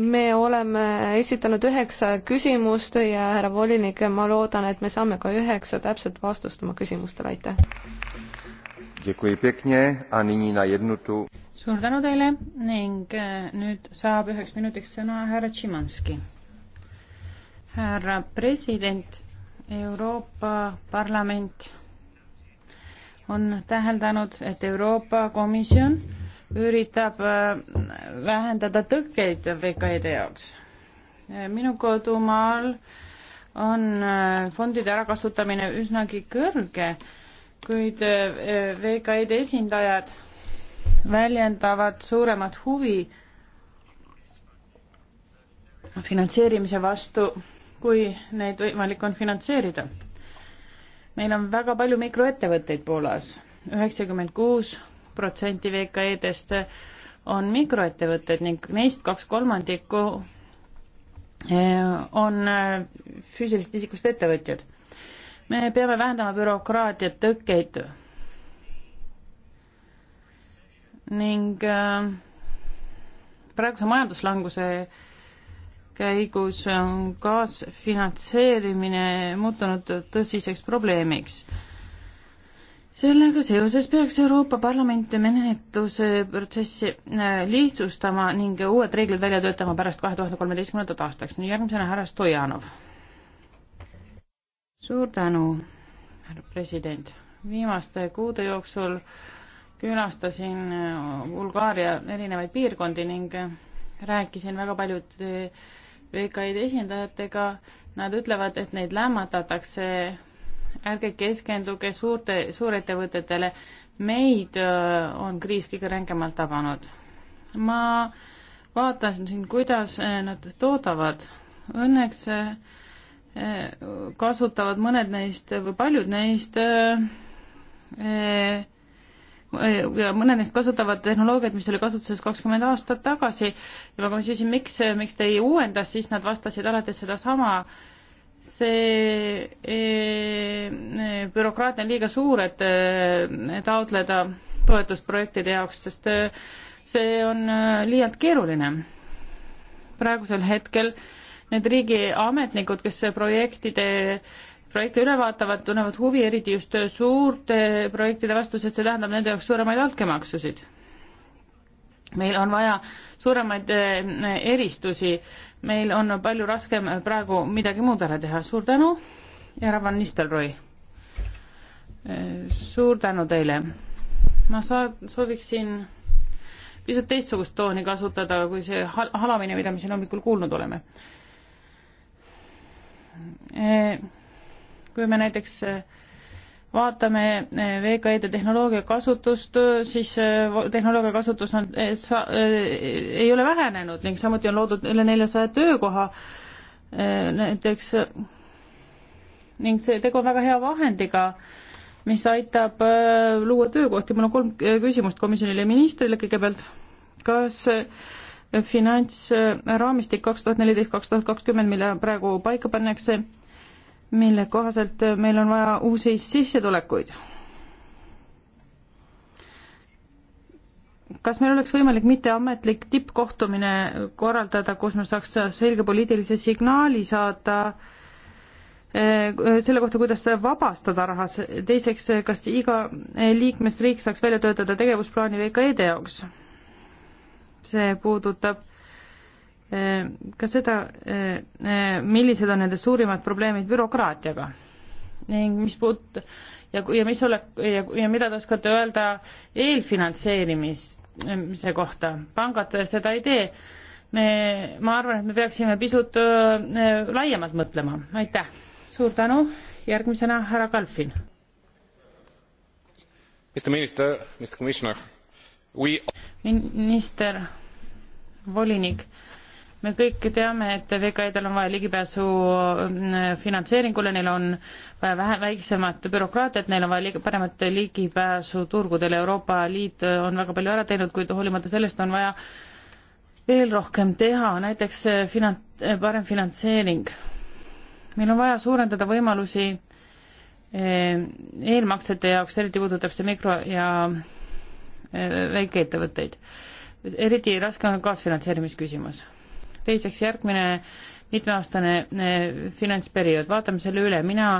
me oleme esitanud üheksa küsimust ja härra volinik, ma loodan, et me saame ka üheksa täpset vastust oma küsimustele, aitäh. suur tänu teile ning eh, nüüd saab üheks minutiks sõna härra Tšimanski. härra president, Euroopa Parlament on täheldanud, et Euroopa Komisjon üritab äh, vähendada tõkkeid VKE-de jaoks. Äh, minu kodumaal on äh, fondide ärakasutamine üsnagi kõrge, kuid VKE-de esindajad väljendavad suuremat huvi finantseerimise vastu, kui neid võimalik on finantseerida. meil on väga palju mikroettevõtteid Poolas, üheksakümmend kuus protsenti VKE-dest on mikroettevõtted ning neist kaks kolmandikku eh, on eh, füüsilisest isikust ettevõtjad. me peame vähendama bürokraatiat, tõkkeid ning eh, praeguse majanduslanguse käigus on kaasfinantseerimine muutunud tõsiseks probleemiks sellega seoses peaks Euroopa Parlament menetluse protsessi äh, lihtsustama ning uued reeglid välja töötama pärast kahe tuhande kolmeteistkümnendat aastaks. nüüd järgmisena härra Stojanov. suur tänu, härra president. viimaste kuude jooksul külastasin äh, Bulgaaria erinevaid piirkondi ning äh, rääkisin väga paljude VKI-de esindajatega. Nad ütlevad, et neid lämmatatakse ärge keskenduge suurte, suurettevõtetele, meid äh, on kriis kõige rängemalt tabanud. ma vaatasin siin, kuidas äh, nad toodavad. Õnneks äh, kasutavad mõned neist või paljud neist ja mõned neist kasutavad tehnoloogiat, mis oli kasutuses kakskümmend aastat tagasi ja ma küsisin, miks, miks te ei uuenda, siis nad vastasid alati sedasama, see e, bürokraatia on liiga suur, et e, taotleda toetust projektide jaoks, sest e, see on liialt keeruline. praegusel hetkel need riigiametnikud, kes projektide, projekte üle vaatavad, tunnevad huvi eriti just suurte projektide vastu, sest see tähendab nende jaoks suuremaid altkäemaksusid meil on vaja suuremaid eh, eristusi, meil on palju raskem praegu midagi muud ära teha, suur tänu, härra Van Nistelrooy. Eh, suur tänu teile. ma saa-, sooviksin pisut teistsugust tooni kasutada, kui see hal-, halamine, mida me siin hommikul kuulnud oleme. Eh, kui me näiteks äh, vaatame eh, VKE-de tehnoloogia kasutust, eh, siis eh, tehnoloogia kasutus on, ei ole vähenenud ning samuti on loodud üle neljasaja töökoha näiteks ning see tegu on väga hea vahendiga, mis aitab luua töökohti. mul on kolm küsimust komisjonile ja ministrile kõigepealt. kas finantsraamistik kaks tuhat neliteist, kaks tuhat kakskümmend, mille praegu paika pannakse, mille kohaselt meil on vaja uusi sissetulekuid. kas meil oleks võimalik mitteametlik tippkohtumine korraldada, kus me saaks selge poliitilise signaali saada eh, selle kohta, kuidas vabastada rahas, teiseks, kas iga liikmesriik saaks välja töötada tegevusplaani VKE-de jaoks? see puudutab Äh, ka seda, äh, äh, millised on nende suurimad probleemid bürokraatiaga ning mis puut- ja, ja mis ole- ja, ja mida te oskate öelda eelfinantseerimise kohta, pangad seda ei tee. me, ma arvan, et me peaksime pisut äh, laiemalt mõtlema, aitäh. suur tänu, järgmisena härra Kalfin. minister, minister, volinik me kõik teame, et VKE-del on vaja ligipääsu mm, finantseeringule, neil on vaja vähe, väiksemat bürokraatiat, neil on vaja liig-, paremat ligipääsu turgudele, Euroopa Liit on väga palju ära teinud, kuid hoolimata sellest on vaja veel rohkem teha, näiteks finan-, parem finantseering. meil on vaja suurendada võimalusi eh, eelmaksete jaoks, eriti puudutab see mikro- ja eh, väikeettevõtteid. eriti raske on kaasfinantseerimisküsimus teiseks järgmine mitmeaastane eh, finantsperiood, vaatame selle üle, mina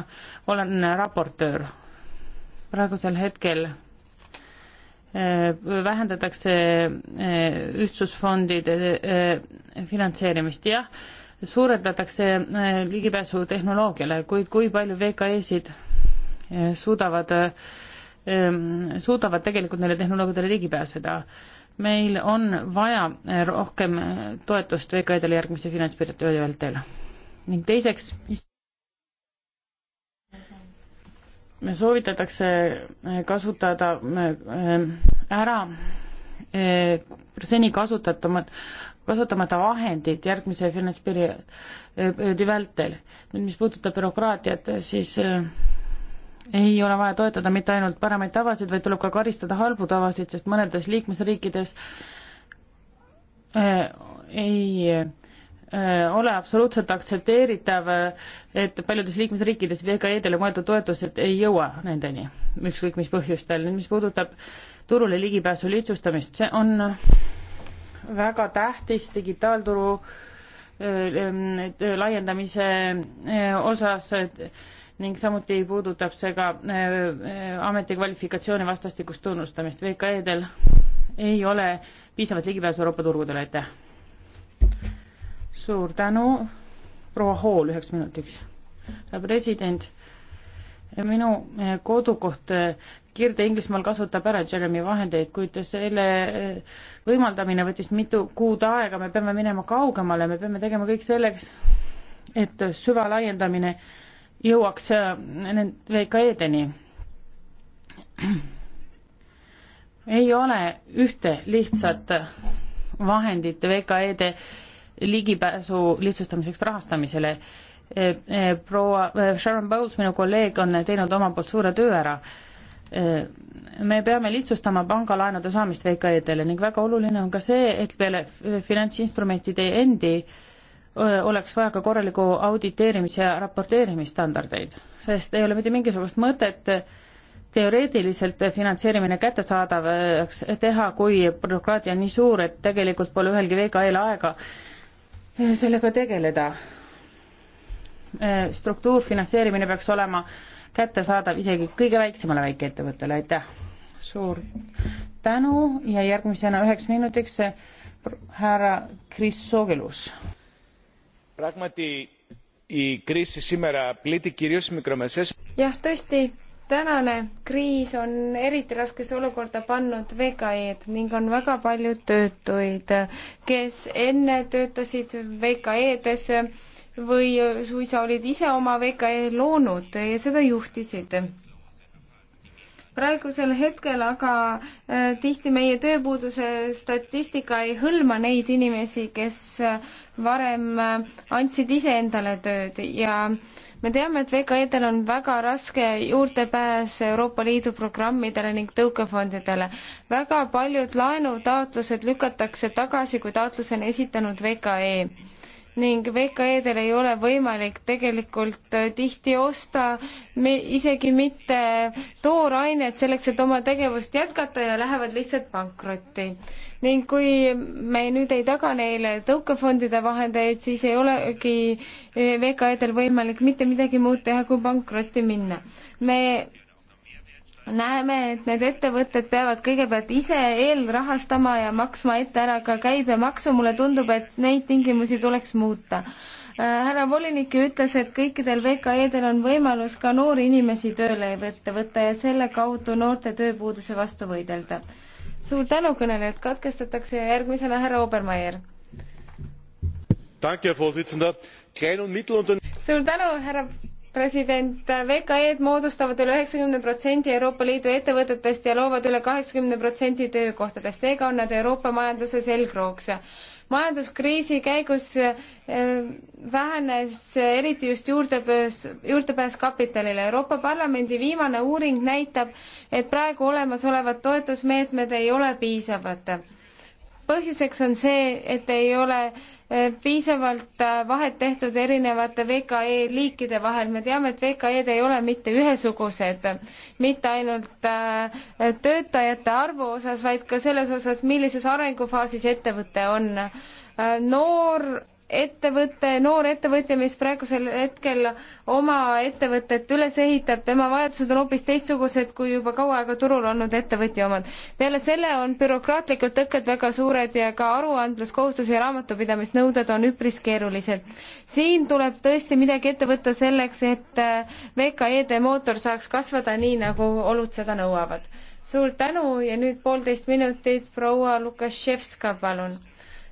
olen raportöör. praegusel hetkel eh, vähendatakse eh, ühtsusfondide finantseerimist, jah, suurendatakse ligipääsu tehnoloogiale, kuid kui palju VKE-sid suudavad, suudavad tegelikult neile tehnoloogiatele ligi pääseda meil on vaja eh, rohkem eh, toetust VKI-dele järgmise finantsperioodi vältel. ning teiseks, mis me soovitatakse eh, kasutada ära seni kasutatamad, kasutamata vahendid järgmise finantsperioodi vältel. nüüd mis puudutab bürokraatiat, siis äh, ei ole vaja toetada mitte ainult paremaid tavasid, vaid tuleb ka karistada halbu tavasid, sest mõnedes liikmesriikides äh, ei äh, ole absoluutselt aktsepteeritav, et paljudes liikmesriikides VKE-dele mõeldud toetused ei jõua nendeni, ükskõik mis põhjustel. nüüd, mis puudutab turule ligipääsu lihtsustamist, see on väga tähtis digitaalturu äh, laiendamise osas, et ning samuti puudutab see ka äh, äh, ametikvalifikatsiooni vastastikust tunnustamist. VKE-del ei ole piisavalt ligipääsu Euroopa turgudele, aitäh. suur tänu, proua Hool üheks minutiks. härra president, minu äh, kodukoht Kirde-Inglismaal kasutab ära Jeremy vahendeid, kuid selle võimaldamine võttis mitu kuud aega, me peame minema kaugemale, me peame tegema kõik selleks, et süvalaiendamine äh, jõuaks äh, VKE-deni. ei ole ühte lihtsat vahendit VKE-de ligipääsu lihtsustamiseks rahastamisele. Äh, äh, proua Sharon Bowles, minu kolleeg, on teinud oma poolt suure töö ära. me peame lihtsustama pangalaenude saamist VKE-dele ning väga oluline on ka see, et peale finantsinstrumentide endi äh, oleks vaja ka korraliku auditeerimise ja raporteerimisstandardeid, sest ei ole mitte mingisugust mõtet teoreetiliselt finantseerimine kättesaadavaks teha, kui bürokraatia on nii suur, et tegelikult pole ühelgi VKL aega sellega tegeleda. struktuurfinantseerimine peaks olema kättesaadav isegi kõige väiksemale väikeettevõttele, aitäh! suur tänu ja järgmisena üheks minutiks härra Kris Sogelus Pragmati kriisi σήμερα πλήττει κυρίως μικρομεσές. Jah, tõesti, tänane kriis on eriti raskesse olukorda pannud VKE-d ning on väga palju töötuid, kes enne töötasid VKE-des või suisa olid ise oma VKE loonud ja seda juhtisid praegusel hetkel aga äh, tihti meie tööpuuduse statistika ei hõlma neid inimesi, kes äh, varem äh, andsid iseendale tööd ja me teame, et VKE-del on väga raske juurdepääs Euroopa Liidu programmidele ning tõukefondidele. väga paljud laenutaotlused lükatakse tagasi, kui taotluse on esitanud VKE ning VKE-del ei ole võimalik tegelikult äh, tihti osta me isegi mitte toorainet selleks, et oma tegevust jätkata ja lähevad lihtsalt pankrotti. ning kui me nüüd ei taga neile tõukefondide vahendeid, siis ei olegi äh, VKE-del võimalik mitte midagi muud teha, kui pankrotti minna. me näeme, et need ettevõtted peavad kõigepealt ise eelrahastama ja maksma ette ära ka käibemaksu, mulle tundub, et neid tingimusi tuleks muuta. Äh, härra volinik ju ütles, et kõikidel VKE-del on võimalus ka noori inimesi tööle ette võtta ja selle kaudu noorte tööpuuduse vastu võidelda. suur tänu, kõnelejad katkestatakse ja järgmisena härra Obermeier. suur tänu, härra president, VKE-d moodustavad üle üheksakümne protsendi Euroopa Liidu ettevõtetest ja loovad üle kaheksakümne protsendi töökohtadest, seega on nad Euroopa majanduse selgrooks. majanduskriisi käigus eh, vähenes eriti just juurdepääs, juurdepääs kapitalile. Euroopa Parlamendi viimane uuring näitab, et praegu olemasolevad toetusmeetmed ei ole piisavad põhjuseks on see, et ei ole eh, piisavalt eh, vahet tehtud erinevate VKE liikide vahel. me teame, et VKE-d ei ole mitte ühesugused, mitte ainult eh, töötajate arvu osas, vaid ka selles osas, millises arengufaasis ettevõte on. noor ettevõte, noor ettevõtja, mis praegusel hetkel oma ettevõtet üles ehitab, tema vajadused on hoopis teistsugused kui juba kaua aega turul olnud ettevõtja omad. peale selle on bürokraatlikud tõkked väga suured ja ka aruandluskohustus ja raamatupidamisnõuded on üpris keerulised. siin tuleb tõesti midagi ette võtta selleks, et äh, VKE-de mootor saaks kasvada nii, nagu olud seda nõuavad. suur tänu ja nüüd poolteist minutit proua Lukaševska, palun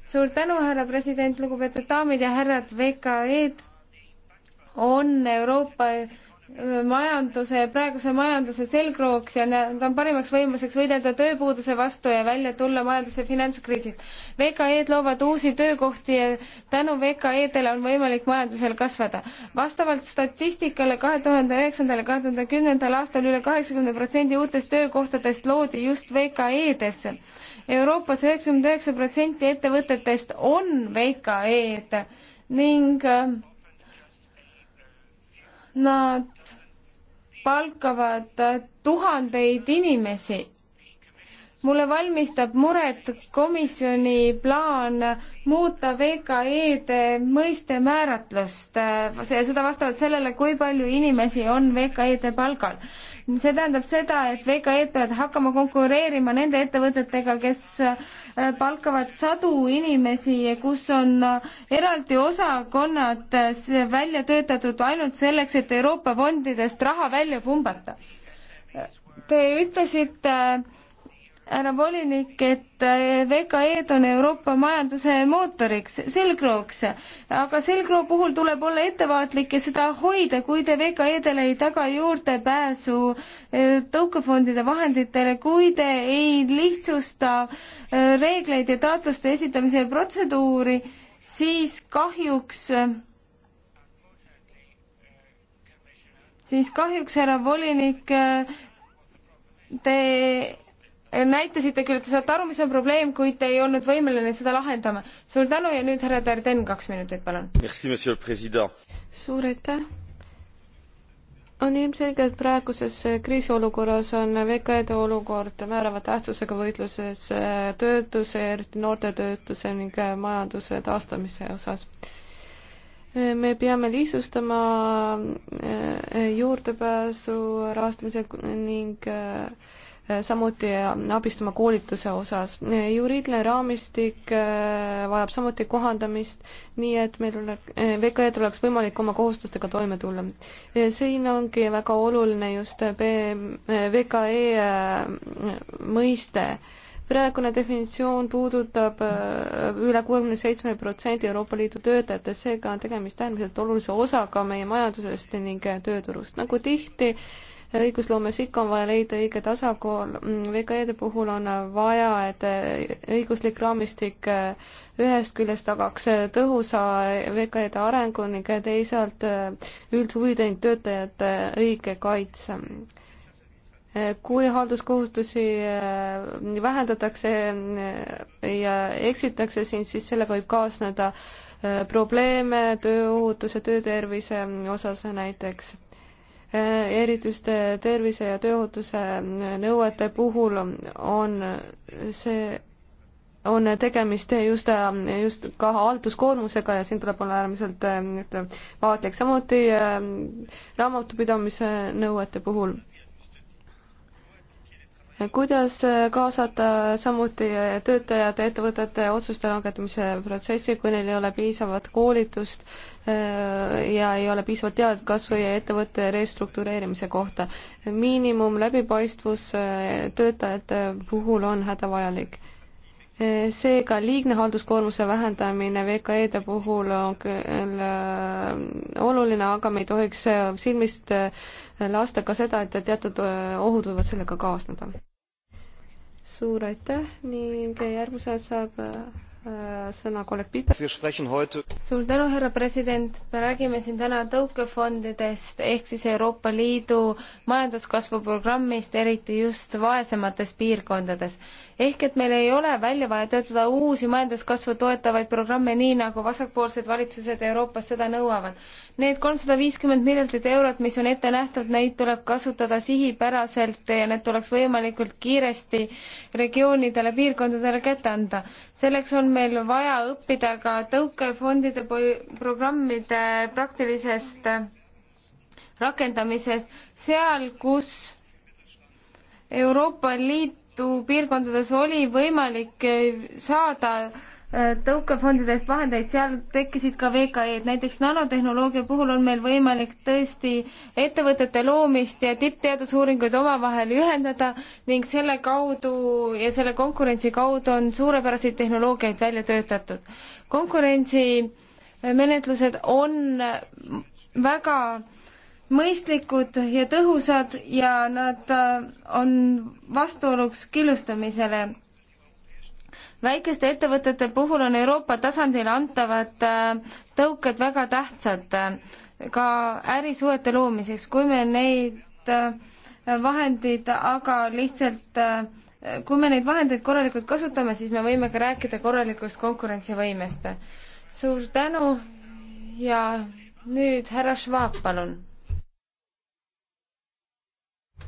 suur tänu, härra president, lugupeetud daamid ja härrad, VKE-d on Euroopa majanduse, praeguse majanduse selgrooks ja need on parimaks võimaluseks võidelda tööpuuduse vastu ja välja tulla majanduse finantskriisilt. VKE-d loovad uusi töökohti ja tänu VKE-dele on võimalik majandusel kasvada. vastavalt statistikale kahe tuhande üheksandal ja kahe tuhande kümnendal aastal üle kaheksakümne protsendi uutest töökohtadest loodi just VKE-des. Euroopas üheksakümmend üheksa protsenti ettevõtetest on VKE-d ning äh, Nad palkavad tuhandeid inimesi mulle valmistab muret komisjoni plaan muuta VKE-de mõiste määratlust, seda vastavalt sellele, kui palju inimesi on VKE-de palgal. see tähendab seda, et VKE-d peavad hakkama konkureerima nende ettevõtetega, kes äh, palkavad sadu inimesi, kus on eraldi osakonnad äh, välja töötatud ainult selleks, et Euroopa fondidest raha välja pumbata. Te ütlesite äh, härra volinik, et eh, VKE-d on Euroopa majanduse mootoriks, selgrooks. aga selgroo puhul tuleb olla ettevaatlik ja seda hoida, kui te VKE-dele ei taga juurdepääsu eh, tõukefondide vahenditele, kui te ei lihtsusta eh, reegleid ja taotluste esitamise protseduuri, siis kahjuks siis kahjuks, härra volinik, te Eh, näitasite küll, et te saate aru, mis on probleem, kuid te ei olnud võimeline seda lahendama. suur tänu ja nüüd härra Darden, kaks minutit, palun. suur aitäh on ilmselge, et praeguses eh, kriisiolukorras on VKD olukord määrava tähtsusega võitluses eh, töötuse, eriti noorte töötuse ning majanduse taastamise osas. me peame lihtsustama juurdepääsu rahastamisel ning äh, Äh, samuti äh, abistama koolituse osas. Äh, juriidiline raamistik vajab samuti kohandamist, nii et meil ole, VKE-d oleks võimalik oma kohustustega toime tulla. siin ongi väga oluline just VKE mõiste. praegune definitsioon puudutab üle kuuekümne seitsme protsendi Euroopa Liidu töötajatest, seega on tegemist äärmiselt olulise osaga meie majandusest ning tööturust. nagu tihti äh, õigusloomes ikka on vaja leida õige tasakaal, VKE-de puhul on vaja, et õiguslik raamistik eh, ühest küljest tagaks eh, tõhusa VKE-de arengu ning teisalt eh, üldhuvide ning töötajate õige kaitse kui halduskohustusi vähendatakse ja eksitakse siin, siis sellega võib kaasneda probleeme tööohutuse, töötervise osas näiteks Äh, erituste äh, tervise ja tööohutuse äh, nõuete puhul on see, on tegemist just, just ka halduskoormusega ja siin tuleb olla äärmiselt vaatlik, samuti raamatupidamise nõuete puhul kuidas äh, kaasata samuti äh, töötajad ettevõtete otsuste langetamise protsessi, kui neil ei ole piisavat koolitust äh, ja ei ole piisavalt teavet kas või ettevõtte restruktureerimise kohta. miinimum läbipaistvus töötajate puhul on hädavajalik seega liigne halduskoormuse vähendamine VKE-de puhul on küll oluline, aga me ei tohiks silmist lasta ka seda, et teatud äh, ohud võivad sellega kaasneda. suur aitäh ning järgmisena saab äh, sõna kolleeg Piper. suur tänu, härra president. me räägime siin täna tõukefondidest ehk siis Euroopa Liidu majanduskasvu programmist, eriti just vaesemates piirkondades ehk et meil ei ole välja vaja töötada uusi majanduskasvu toetavaid programme, nii nagu vasakpoolsed valitsused Euroopas seda nõuavad. Need kolmsada viiskümmend miljardit eurot, mis on ette nähtud, neid tuleb kasutada sihipäraselt ja need tuleks võimalikult kiiresti regioonidele, piirkondadele kätte anda. selleks on meil vaja õppida ka tõukefondide programmide praktilisest rakendamisest seal, kus Euroopa Liit Liidu piirkondades oli võimalik eh, saada eh, tõukefondidest vahendeid, seal tekkisid ka VKE-d, näiteks nanotehnoloogia puhul on meil võimalik tõesti ettevõtete loomist ja tippteadusuuringuid omavahel ühendada ning selle kaudu ja selle konkurentsi kaudu on suurepäraseid tehnoloogiaid välja töötatud. konkurentsimenetlused eh, on väga mõistlikud ja tõhusad ja nad äh, on vastuoluks killustamisele. väikeste ettevõtete puhul on Euroopa tasandil antavad äh, tõuked väga tähtsad äh, ka ärisuhete loomiseks, kui me neid vahendid aga lihtsalt kui me neid vahendeid korralikult kasutame, siis me võime ka rääkida korralikust konkurentsivõimest. suur tänu ja nüüd härra Švaab, palun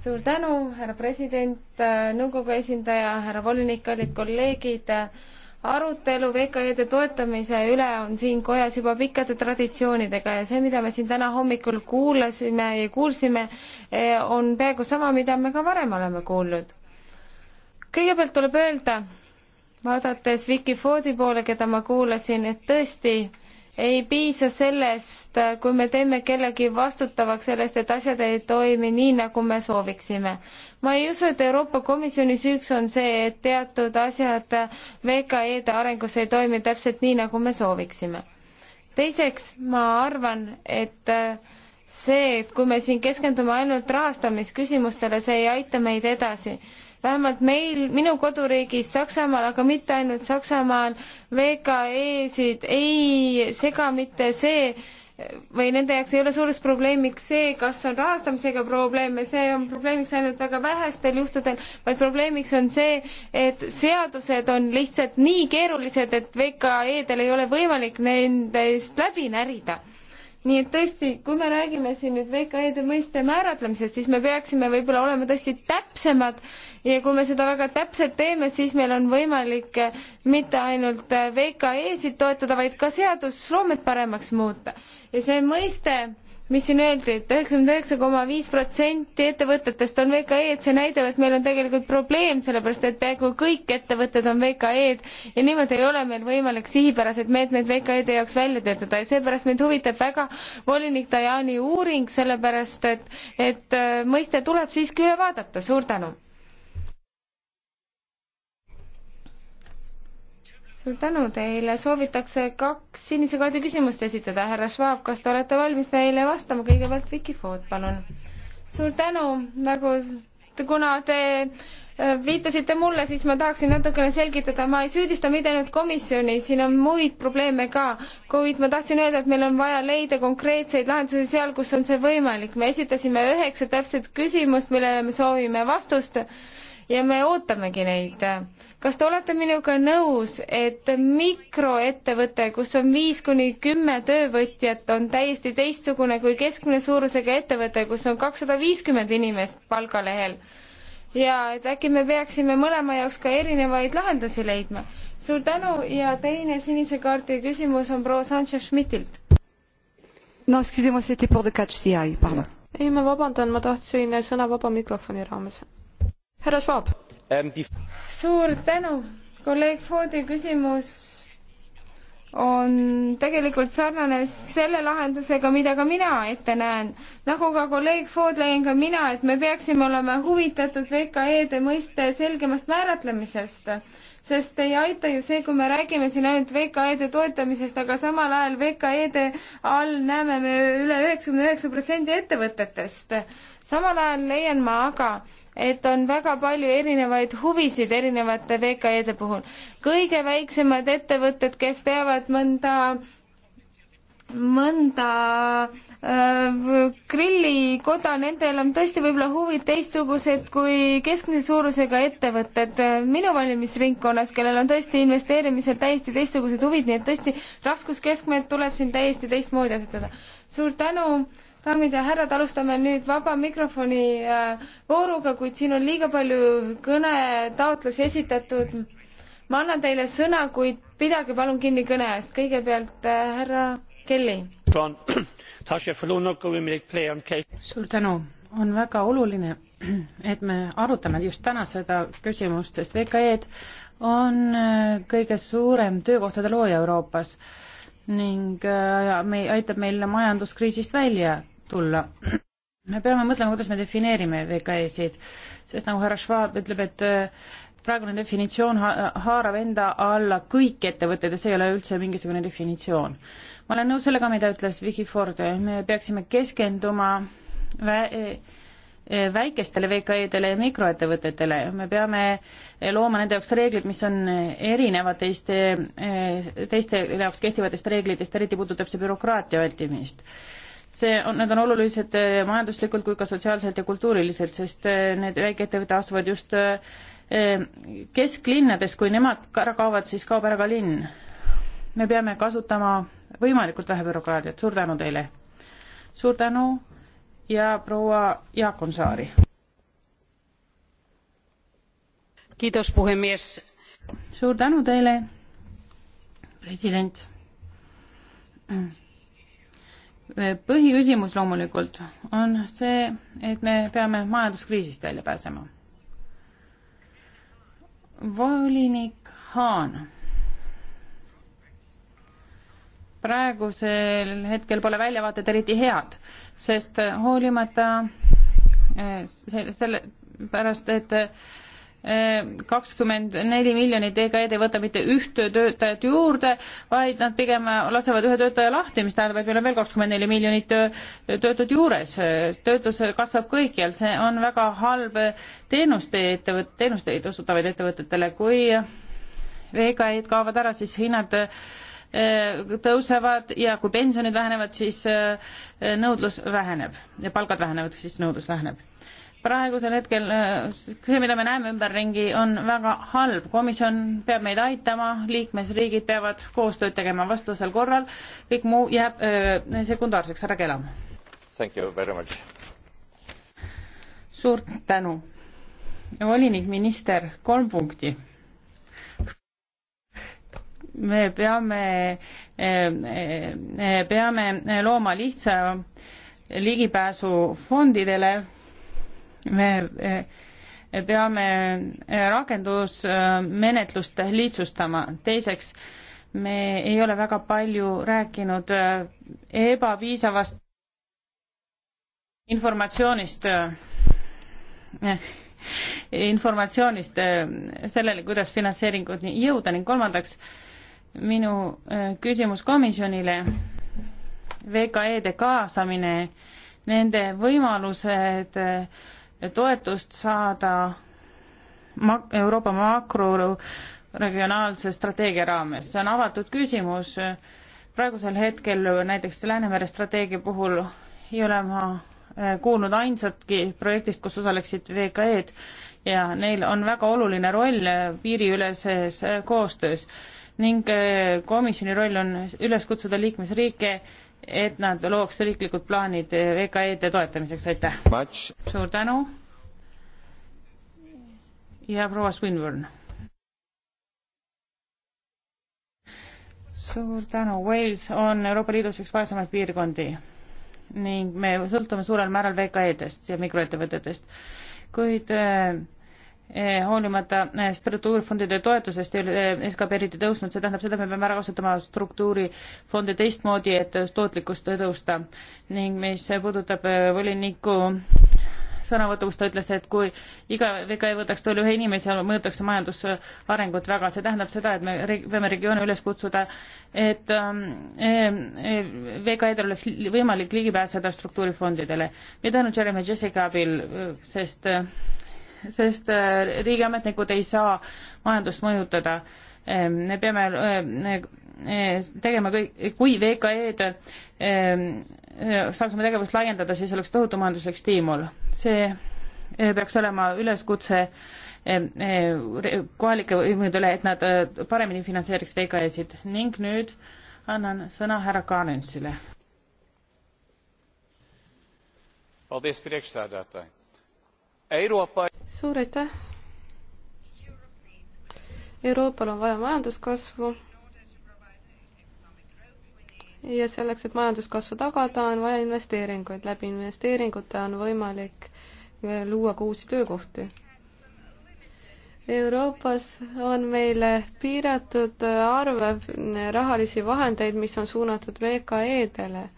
suur tänu, härra president, nõukogu esindaja, härra volinik, kallid kolleegid arutelu VKE-de toetamise üle on siin kojas juba pikkade traditsioonidega ja see, mida me siin täna hommikul kuulasime ja kuulsime, eh, on peaaegu sama, mida me ka varem oleme kuulnud. kõigepealt tuleb öelda, vaadates Vikifoodi poole, keda ma kuulasin, et tõesti, ei piisa sellest, kui me teeme kellegi vastutavaks sellest, et asjad ei toimi nii, nagu me sooviksime. ma ei usu, et Euroopa Komisjoni süüks on see, et teatud asjad VKE-de arengus ei toimi täpselt nii, nagu me sooviksime. teiseks, ma arvan, et see, et kui me siin keskendume ainult rahastamisküsimustele, see ei aita meid edasi vähemalt meil, minu koduriigis Saksamaal, aga mitte ainult Saksamaal, VKE-sid ei sega mitte see, või nende jaoks ei ole suureks probleemiks see, kas on rahastamisega probleeme, see on probleemiks ainult väga vähestel juhtudel, vaid probleemiks on see, et seadused on lihtsalt nii keerulised, et VKE-del ei ole võimalik nendest läbi närida. nii et tõesti, kui me räägime siin nüüd VKE-de mõiste määratlemisest, siis me peaksime võib-olla olema tõesti täpsemad ja kui me seda väga täpselt teeme, siis meil on võimalik eh, mitte ainult eh, VKE-sid toetada, vaid ka seadusloomet paremaks muuta. ja see mõiste, mis siin öeldi et, et üheksakümmend üheksa koma viis protsenti ettevõtetest on VKE-d, see näitab, et meil on tegelikult probleem, sellepärast et peaaegu kõik ettevõtted on VKE-d ja niimoodi ei ole meil võimalik sihipäraseid meetmeid VKE-de jaoks välja töötada ja seepärast mind huvitab väga volinik Dajani uuring, sellepärast et, et eh, mõiste tuleb siiski üle vaadata, suur tänu! suur tänu teile, soovitakse kaks sinise kaardi küsimust esitada, härra Schwab, kas te olete valmis neile vastama, kõigepealt Vicky Ford, palun. suur tänu, nagu kuna te äh, viitasite mulle, siis ma tahaksin natukene selgitada, ma ei süüdista mitte ainult komisjoni, siin on muid probleeme ka, kuid ma tahtsin öelda, et meil on vaja leida konkreetseid lahendusi seal, kus on see võimalik. me esitasime üheksa täpset küsimust, millele me soovime vastust ja me ootamegi neid. kas te olete minuga nõus, et mikroettevõte, kus on viis kuni kümme töövõtjat, on täiesti teistsugune kui keskmine suurusega ettevõte, kus on kakssada viiskümmend inimest palgalehel? ja et äkki me peaksime mõlema jaoks ka erinevaid lahendusi leidma. suur tänu ja teine sinise kaardi küsimus on proua Sanchez Schmidtilt. no excusez-moi, c'était pour the catch the eye, pardon. ei, ma vabandan, ma tahtsin sõna vaba mikrofoni raames härra Schwab. Ähm, suur tänu, kolleeg Foodi küsimus on tegelikult sarnane selle lahendusega, mida ka mina ette näen. nagu ka kolleeg Ford leian ka mina, et me peaksime olema huvitatud VKE-de mõiste selgemast määratlemisest, sest ei aita ju see, kui me räägime siin ainult VKE-de toetamisest, aga samal ajal VKE-de all näeme me üle üheksakümne üheksa protsendi ettevõtetest. samal ajal leian ma aga, et on väga palju erinevaid huvisid erinevate VKE-de puhul. kõige väiksemad ettevõtted, kes peavad mõnda mõnda äh, grillikoda, nendel on tõesti võib-olla huvid teistsugused kui keskmise suurusega ettevõtted minu valimisringkonnas, kellel on tõesti investeerimisel täiesti teistsugused huvid, nii et tõesti raskuskeskmed tuleb siin täiesti teistmoodi asetada. suur tänu äh, daamid ja härrad, alustame nüüd vaba mikrofoni äh, vooruga, kuid siin on liiga palju kõnetaotlusi esitatud. ma annan teile sõna, kuid pidage palun kinni kõne eest. kõigepealt äh, härra Kelly. suur tänu. on väga oluline, et me arutame just täna seda küsimust, sest VKE-d on äh, kõige suurem töökohtade looja Euroopas ning me, aitab meil majanduskriisist välja tulla. me peame mõtlema, kuidas me defineerime VKE-sid, sest nagu härra Schwab ütleb, et äh, praegune definitsioon ha haarab enda alla kõik ettevõtted ja see ei ole üldse mingisugune definitsioon. ma olen nõus sellega, mida ütles Vicky Ford, me peaksime keskenduma vä-, e, e, väikestele VKE-dele ja mikroettevõtetele, me peame e, looma nende jaoks reeglid, mis on erinevad teiste, teiste jaoks kehtivatest reeglitest, eriti puudutab see bürokraatia vältimist see on, need on olulised eh, majanduslikult kui ka sotsiaalselt ja kultuuriliselt, sest eh, need väikeettevõtted asuvad just eh, kesklinnades, kui nemad ära kaovad, siis kaob ära ka linn. me peame kasutama võimalikult vähe bürokraatiat, suur tänu teile! suur tänu ja proua Jaakonsaari! kiitos puhemies! suur tänu teile, president! põhiküsimus loomulikult on see, et me peame majanduskriisist välja pääsema. volinik Haan. praegusel hetkel pole väljavaated eriti head, sest hoolimata eh, selle, selle pärast, et kakskümmend neli miljonit EKE-d ei võta mitte üht töötajat juurde, vaid nad pigem lasevad ühe töötaja lahti, mis tähendab, et meil on veel kakskümmend neli miljonit töötut juures. töötus kasvab kõikjal, see on väga halb teenuste ettevõt-, teenusteid osutavaid ettevõtetele, kui VKE-d kaovad ära, siis hinnad eh, tõusevad ja kui pensionid vähenevad, siis eh, nõudlus väheneb ja palgad vähenevad, siis nõudlus väheneb praegusel hetkel äh, see, mida me näeme ümberringi, on väga halb. komisjon peab meid aitama, liikmesriigid peavad koostööd tegema vastasel korral, kõik muu jääb öö, äh, sekundaarseks. härra Kelam. suurt tänu. volinik, minister, kolm punkti. me peame, äh, peame looma lihtsa ligipääsu fondidele me eh, peame eh, rakendusmenetlust lihtsustama. teiseks, me ei ole väga palju rääkinud eh, ebapiisavast informatsioonist, informatsioonist sellele, kuidas finantseeringuni jõuda ning kolmandaks, minu küsimus komisjonile, VKE-de kaasamine, nende võimalused äh, toetust saada mak-, Euroopa makroregionaalse strateegia raames. see on avatud küsimus, praegusel hetkel näiteks Läänemere strateegia puhul ei ole ma eh, kuulnud ainsatki projektist, kus osaleksid VKE-d ja neil on väga oluline roll piiriüleses eh, koostöös ning eh, komisjoni roll on üles kutsuda liikmesriike et nad looks riiklikud plaanid VKE-de e toetamiseks, aitäh. suur tänu. ja proua Swinburne. suur tänu, Wales on Euroopa Liidus üks vaesemaid piirkondi ning me sõltume suurel määral VKE-dest ja mikroettevõtetest, kuid äh, Eh, hoolimata eh, struktuurifondide toetusest ei ole eh, SKP eriti tõusnud, see tähendab seda, et me peame ära kasutama struktuurifonde teistmoodi, et tootlikkust tõusta. ning mis puudutab voliniku sõnavõttu, kus ta ütles, et kui iga vega ei võtaks tööle ühe inimese, mõjutaks see majandusarengut väga, see tähendab seda, et me peame regioone üles kutsuda, et ähm, VKE-del oleks võimalik ligi pääseda struktuurifondidele, mitte ainult Jeremy Jessica abil, äh, sest äh, sest äh, riigiametnikud ei saa majandust mõjutada. Ehm, me peame ehm, e, e, tegema kõik, kui VKE-d ehm, e, saaks oma tegevust laiendada, siis oleks tohutu majanduslik stiimul. see peaks olema üleskutse kohalike võimude üle, et nad paremini finantseeriks VKE-sid ning nüüd annan sõna härra Kaanensile. paldies, priekšsäädajataja Euroopa... suur aitäh! Euroopal on vaja majanduskasvu ja selleks, et majanduskasvu tagada, on vaja investeeringuid. läbi investeeringute on võimalik äh, luua ka uusi töökohti. Euroopas on meile piiratud äh, arv äh, rahalisi vahendeid, mis on suunatud VKE-dele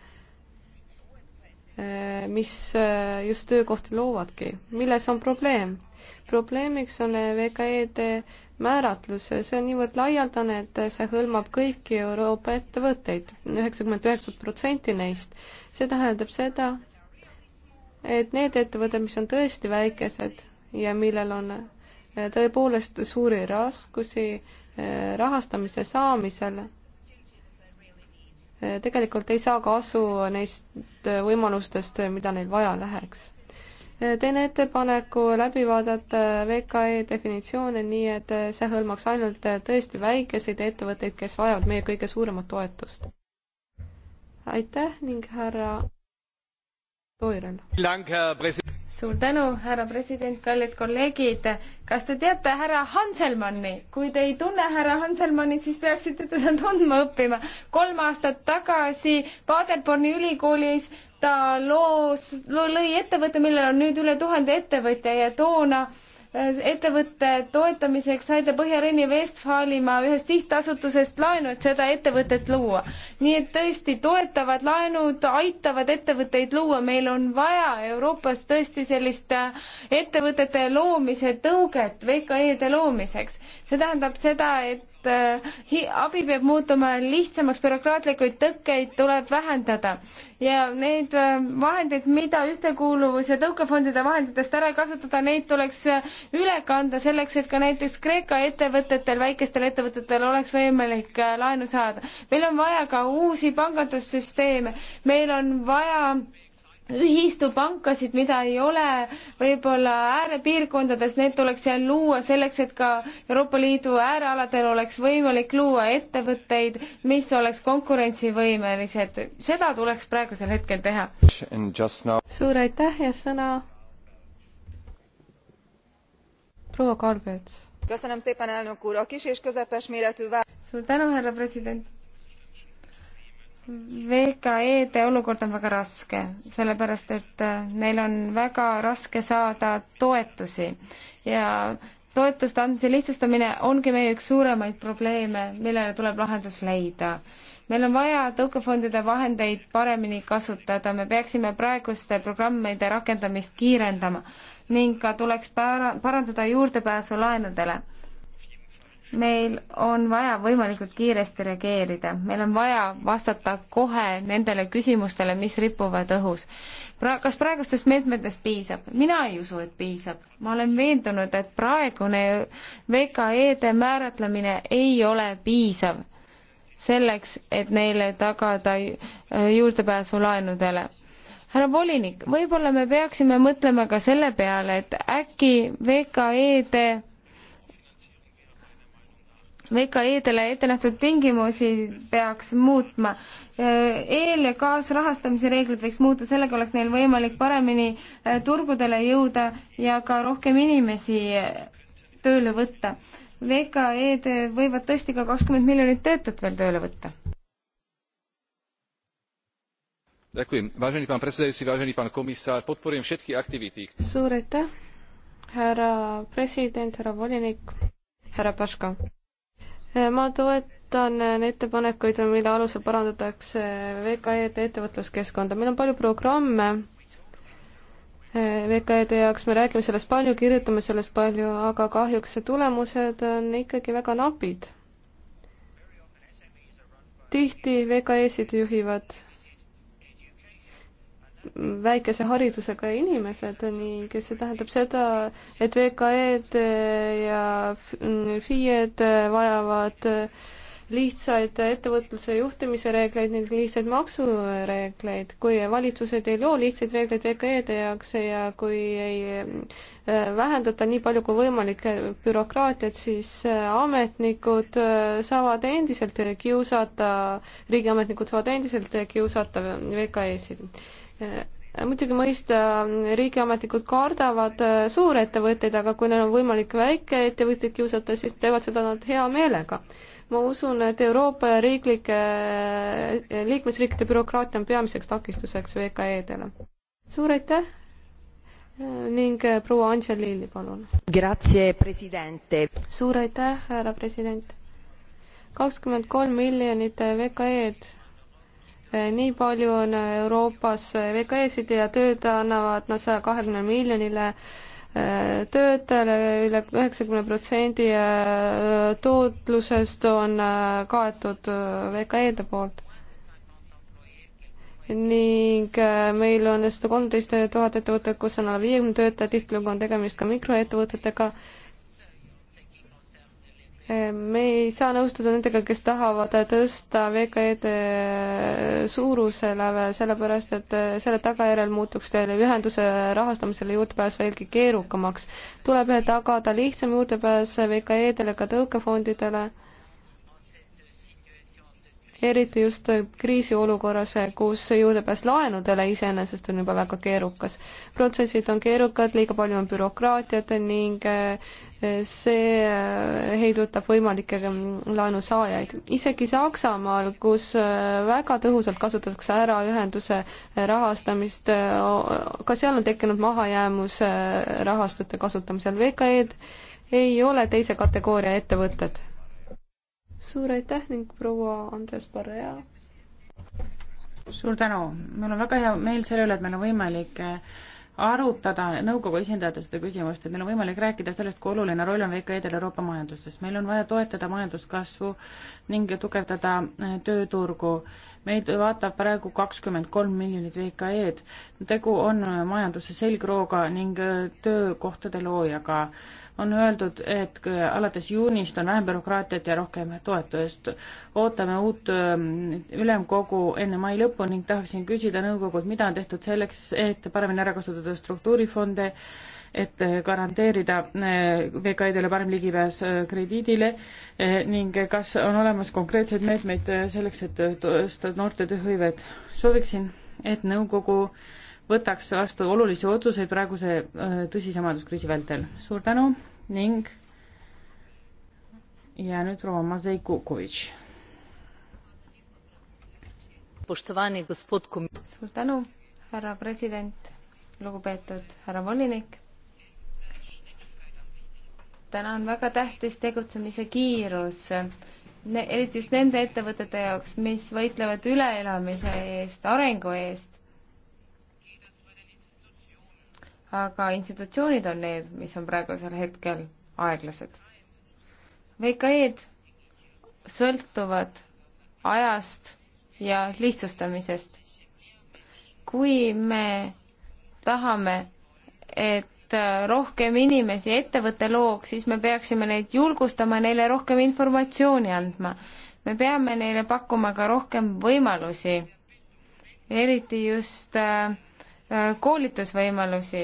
Äh, mis äh, just töökohti loovadki. milles on probleem? probleemiks on äh, VKE-de määratlus, see on niivõrd laialdane, et see hõlmab kõiki Euroopa ettevõtteid, üheksakümmend üheksat protsenti neist. see tähendab seda, et need ettevõtted, mis on tõesti väikesed ja millel on tõepoolest suuri raskusi rahastamise saamisel, tegelikult ei saa kasu neist võimalustest, mida neil vaja läheks. teen ettepaneku läbi vaadata VKE definitsioone nii, et see hõlmaks ainult tõesti väikeseid ettevõtteid, kes vajavad meie kõige suuremat toetust. aitäh ning härra Toirel suur tänu, härra president, kallid kolleegid. kas te teate härra Hanselmanni? kui te ei tunne härra Hanselmannit, siis peaksite teda tundma õppima. kolm aastat tagasi Paderborni ülikoolis ta loos lo,, lõi ettevõtte, millel on nüüd üle tuhande ettevõtja ja toona äh, ettevõtte toetamiseks sai ta Põhja-Rheini-Vestfaalimaa ühest sihtasutusest laenu, et seda ettevõtet luua. nii et tõesti, toetavad laenud aitavad ettevõtteid luua, meil on vaja Euroopas tõesti sellist ettevõtete loomise tõuget VKE-de loomiseks. see tähendab seda, et Eh, abi peab muutuma lihtsamaks, bürokraatlikuid tõkkeid tuleb vähendada ja need eh, vahendid, mida ühtekuuluvus- ja tõukefondide vahenditest ära kasutada, neid tuleks eh, üle kanda selleks, et ka näiteks Kreeka ettevõtetel, väikestel ettevõtetel oleks võimalik laenu saada. meil on vaja ka uusi pangandussüsteeme, meil on vaja ühistupankasid, mida ei ole võib-olla äärepiirkondades, need tuleks seal luua selleks, et ka Euroopa Liidu äärealadel oleks võimalik luua ettevõtteid, mis oleks konkurentsivõimelised. seda tuleks praegusel hetkel teha. suur aitäh ja sõna proua Kalbets. suur tänu, härra president VKE-de olukord on väga raske, sellepärast et äh, neil on väga raske saada toetusi ja toetuste andmise lihtsustamine ongi meie üks suuremaid probleeme, millele tuleb lahendus leida. meil on vaja tõukefondide vahendeid paremini kasutada, me peaksime praeguste programmide rakendamist kiirendama ning ka tuleks para-, parandada juurdepääsu laenudele meil on vaja võimalikult kiiresti reageerida, meil on vaja vastata kohe nendele küsimustele, mis ripuvad õhus. Pra-, kas praegustest meetmetest piisab? mina ei usu, et piisab. ma olen veendunud, et praegune VKE-de määratlemine ei ole piisav selleks, et neile tagada juurdepääsu laenudele härra volinik, võib-olla me peaksime mõtlema ka selle peale, et äkki VKE-de VKE-dele ette nähtud tingimusi peaks muutma. eel- ja kaasrahastamise reeglid võiks muuta, sellega oleks neil võimalik paremini äh, turgudele jõuda ja ka rohkem inimesi äh, tööle võtta. VKE-d võivad tõesti ka kakskümmend miljonit töötut veel tööle võtta. Ďakujem. Vážený pán predsedajúci, vážený pán komisár, podporujem všetky aktivity. Suur aitäh, härra president, härra volinik, härra Paška ma toetan äh, ettepanekuid, mille alusel parandatakse VKE-de ettevõtluskeskkonda, meil on palju programme äh, VKE-de jaoks, me räägime sellest palju, kirjutame sellest palju, aga kahjuks tulemused on ikkagi väga napid. tihti VKE-sid juhivad väikese haridusega inimesed ning see tähendab seda, et VKE-d ja FIE-d vajavad lihtsaid ettevõtluse juhtimise reegleid ning lihtsaid maksureegleid. kui valitsused ei loo lihtsaid reegleid VKE-de jaoks ja kui ei äh, vähendata nii palju kui võimalik bürokraatiat, siis äh, ametnikud äh, saavad endiselt kiusata, riigiametnikud saavad endiselt kiusata VKE-sid Äh, muidugi mõista, äh, riigiametnikud kardavad äh, suurettevõtteid, aga kui neil on võimalik väikeettevõtteid kiusata, siis teevad seda nad hea meelega. ma usun, et Euroopa ja riiklike, liikmesriikide bürokraatia on peamiseks takistuseks VKE-dele. suur aitäh ning proua Anja Lilli, palun. suur aitäh, härra president. kakskümmend kolm miljonit VKE-d Eh, nii palju on Euroopas VKE-sid ja tööd annavad nad saja kahekümne miljonile eh, töötajale üle üheksakümne protsendi eh, tootlusest on kaetud VKE-de poolt. ning meil on sada kolmteist tuhat ettevõtet, kus on alla viiekümne töötaja, tihtilugu on tegemist ka mikroettevõtetega me ei saa nõustuda nendega, kes tahavad tõsta VKE-de suurusele, sellepärast et selle tagajärjel muutuks teile ühenduse rahastamisele juurdepääs veelgi keerukamaks. tuleb tagada lihtsam juurdepääs VKE-dele ka tõukefondidele eriti just kriisiolukorras, kus juurdepääs laenudele iseenesest on juba väga keerukas. protsessid on keerukad, liiga palju on bürokraatiat ning eh, see eh, heidutab võimalikke mm, laenusaajaid. isegi Saksamaal, kus eh, väga tõhusalt kasutatakse ära ühenduse rahastamist, ka seal on tekkinud mahajäämus rahastute kasutamisel. VKE-d ei ole teise kategooria ettevõtted suur aitäh ning proua Andres Barrea. suur tänu, mul on väga hea meel selle üle, et meil on võimalik eh, arutada nõukogu esindajate seda küsimust, et meil on võimalik rääkida sellest, kui oluline roll on VKE-del Euroopa majandustes. meil on vaja toetada majanduskasvu ning tugevdada eh, tööturgu. meid vaatab praegu kakskümmend kolm miljonit VKE-d. tegu on eh, majanduse selgrooga ning töökohtade loojaga on öeldud, et alates juunist on vähem bürokraatiat ja rohkem toetust. ootame uut ähm, ülemkogu enne mai lõppu ning tahaksin küsida nõukogult, mida on tehtud selleks, et paremini ära kasutada struktuurifonde, et äh, garanteerida äh, VKI-dele parem ligipääs äh, krediidile ning kas on olemas konkreetseid meetmeid selleks, et tõsta noorte tööhõivet. sooviksin, et nõukogu äh, võtaks vastu olulisi otsuseid praeguse äh, tõsise majanduskriisi vältel. suur tänu ning ja nüüd proua Mazej Kukovitš. suur tänu, härra president, lugupeetud härra volinik. täna on väga tähtis tegutsemise kiirus ne, eriti just nende ettevõtete jaoks, mis võitlevad üleelamise eest, arengu eest aga institutsioonid on need, mis on praegusel hetkel aeglased. VKE-d sõltuvad ajast ja lihtsustamisest. kui me tahame, et rohkem inimesi ettevõtte looks, siis me peaksime neid julgustama, neile rohkem informatsiooni andma. me peame neile pakkuma ka rohkem võimalusi, eriti just äh, Äh, koolitusvõimalusi,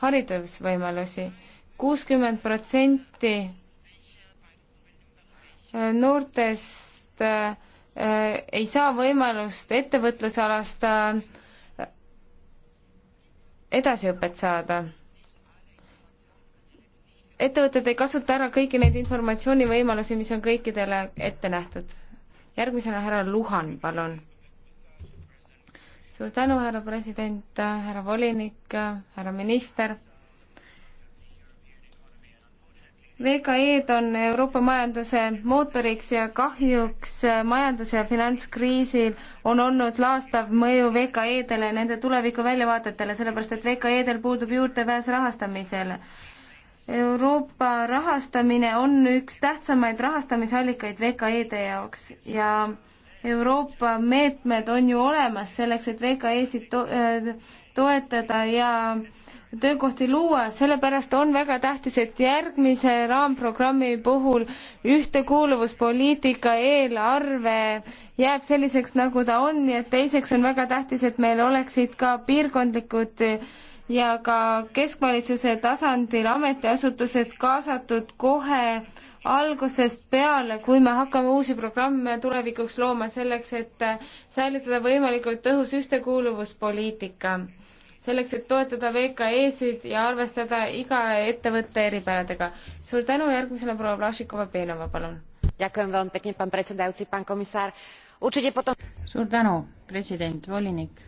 haridusvõimalusi. kuuskümmend protsenti äh, noortest äh, ei saa võimalust ettevõtlusalast edasiõpet saada. ettevõtted ei kasuta ära kõiki neid informatsioonivõimalusi, mis on kõikidele ette nähtud. järgmisena härra Luhan, palun suur tänu, härra president, härra volinik, härra minister. VKE-d on Euroopa majanduse mootoriks ja kahjuks majandus- ja finantskriisil on olnud laastav mõju VKE-dele, nende tuleviku väljavaatetele, sellepärast et VKE-del puudub juurdepääs rahastamisele. Euroopa rahastamine on üks tähtsamaid rahastamisallikaid VKE-de jaoks ja Euroopa meetmed on ju olemas selleks, et VKE-sid to äh, toetada ja töökohti luua, sellepärast on väga tähtis, et järgmise raamprogrammi puhul ühtekuuluvuspoliitika eelarve jääb selliseks, nagu ta on ja teiseks on väga tähtis, et meil oleksid ka piirkondlikud ja ka keskvalitsuse tasandil ametiasutused kaasatud kohe äh, algusest peale, kui me hakkame uusi programme tulevikuks looma selleks, et säilitada võimalikult tõhus ühtekuuluvuspoliitika, selleks, et toetada VKE-sid ja arvestada iga ettevõtte eripäradega. suur tänu, järgmisena proua Vlašikova Peenova, palun. suur tänu, president, volinik.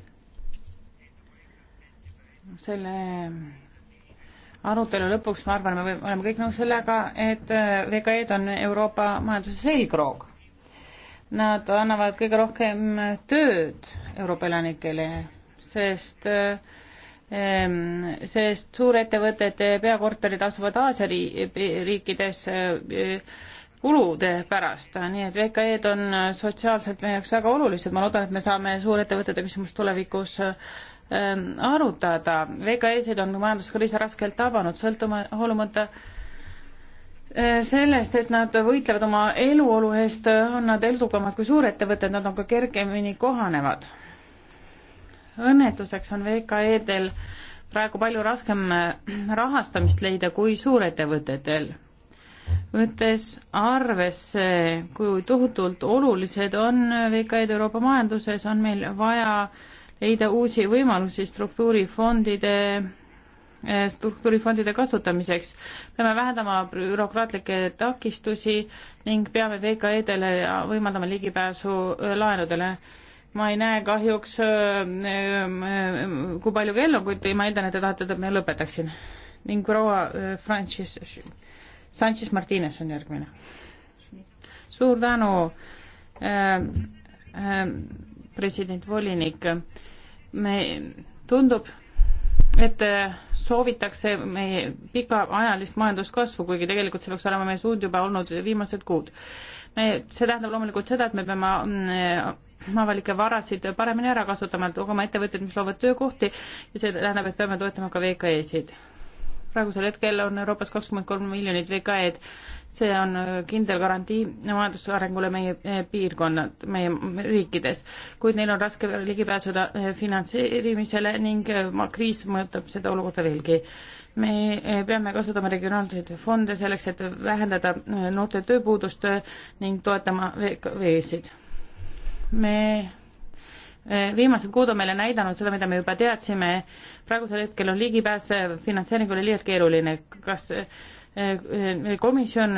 selle arutelu lõpuks, ma arvan, me oleme kõik nõus sellega, et äh, VKE-d on Euroopa majanduse selgroog. Nad annavad kõige rohkem tööd Euroopa elanikele, sest äh, sest suurettevõtete äh, peakorterid asuvad Aasia riikides kulude pärast, nii et VKE-d on sotsiaalselt meie jaoks väga olulised, ma loodan, et me saame suurettevõtete küsimust tulevikus Ähm, arutada. VKE-sid on majanduskriis raskelt tabanud, sõltuma, hoolimata äh, sellest, et nad võitlevad oma eluolu eest, on nad edukamad kui suurettevõtted, nad on ka kergemini kohanevad. õnnetuseks on VKE-del praegu palju raskem äh, rahastamist leida kui suurettevõtetel. võttes arvesse, kui tohutult olulised on VKE-d Euroopa majanduses, on meil vaja äh, leida uusi võimalusi struktuurifondide eh, struktuurifondide kasutamiseks. peame vähendama bürokraatlikke takistusi ning peame VKE-dele võimaldama ligipääsu eh, laenudele. ma ei näe kahjuks, eh, kui palju kell on, kuid ma eeldan, et te tahate, et ma lõpetaksin. ning proua Francis, Sanchez Martines on järgmine. suur tänu, president volinik me, tundub, et soovitakse meie pikaajalist majanduskasvu, kuigi tegelikult see peaks olema meie suund juba olnud viimased kuud. me, see tähendab loomulikult seda, et me peame mm, avalikke varasid paremini ära kasutama, tooma ettevõtteid, mis loovad töökohti ja see tähendab, et peame toetama ka VKE-sid praegusel hetkel on Euroopas kakskümmend kolm miljonit VKE-d. see on äh, kindel garantii majandusarengule meie äh, piirkonnad, meie riikides, kuid neil on raske ligi pääseda äh, finantseerimisele ning kriis mõjutab seda olukorda veelgi me peame kasutama regionaalseid fonde selleks, et vähendada noorte tööpuudust ning toetama veesid. me Eh, viimased kuud on meile näidanud seda, mida me juba teadsime, praegusel hetkel on ligipääs eh, finantseeringule liialt keeruline, kas eh, komisjon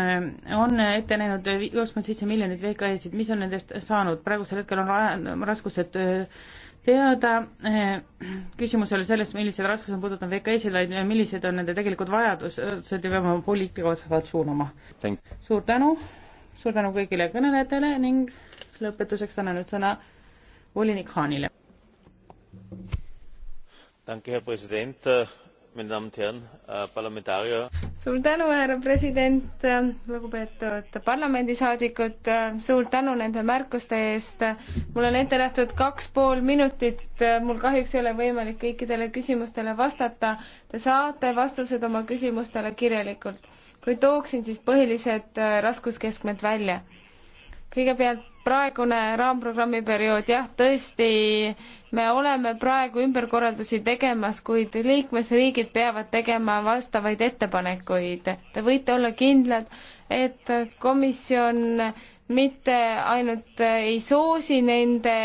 on ette näinud kuuskümmend seitse miljonit VKE-sid, mis on nendest saanud, praegusel hetkel on raskused teada, küsimus ei ole selles, millised raskused on puudutanud VKE-sid, vaid millised on nende tegelikud vajadused ja peame oma poliitika otsavalt suunama. suur tänu, suur tänu kõigile kõnelejatele ning lõpetuseks annan nüüd sõna volinik Haanile. Äh, suur tänu, härra president, äh, lugupeetud parlamendisaadikud, äh, suur tänu nende märkuste eest. mul on ette nähtud kaks pool minutit, mul kahjuks ei ole võimalik kõikidele küsimustele vastata. Te saate vastused oma küsimustele kirjalikult, kuid tooksin siis põhilised raskuskeskmed välja. kõigepealt praegune raamprogrammi periood, jah, tõesti, me oleme praegu ümberkorraldusi tegemas, kuid liikmesriigid peavad tegema vastavaid ettepanekuid. Te võite olla kindlad, et komisjon mitte ainult ei soosi nende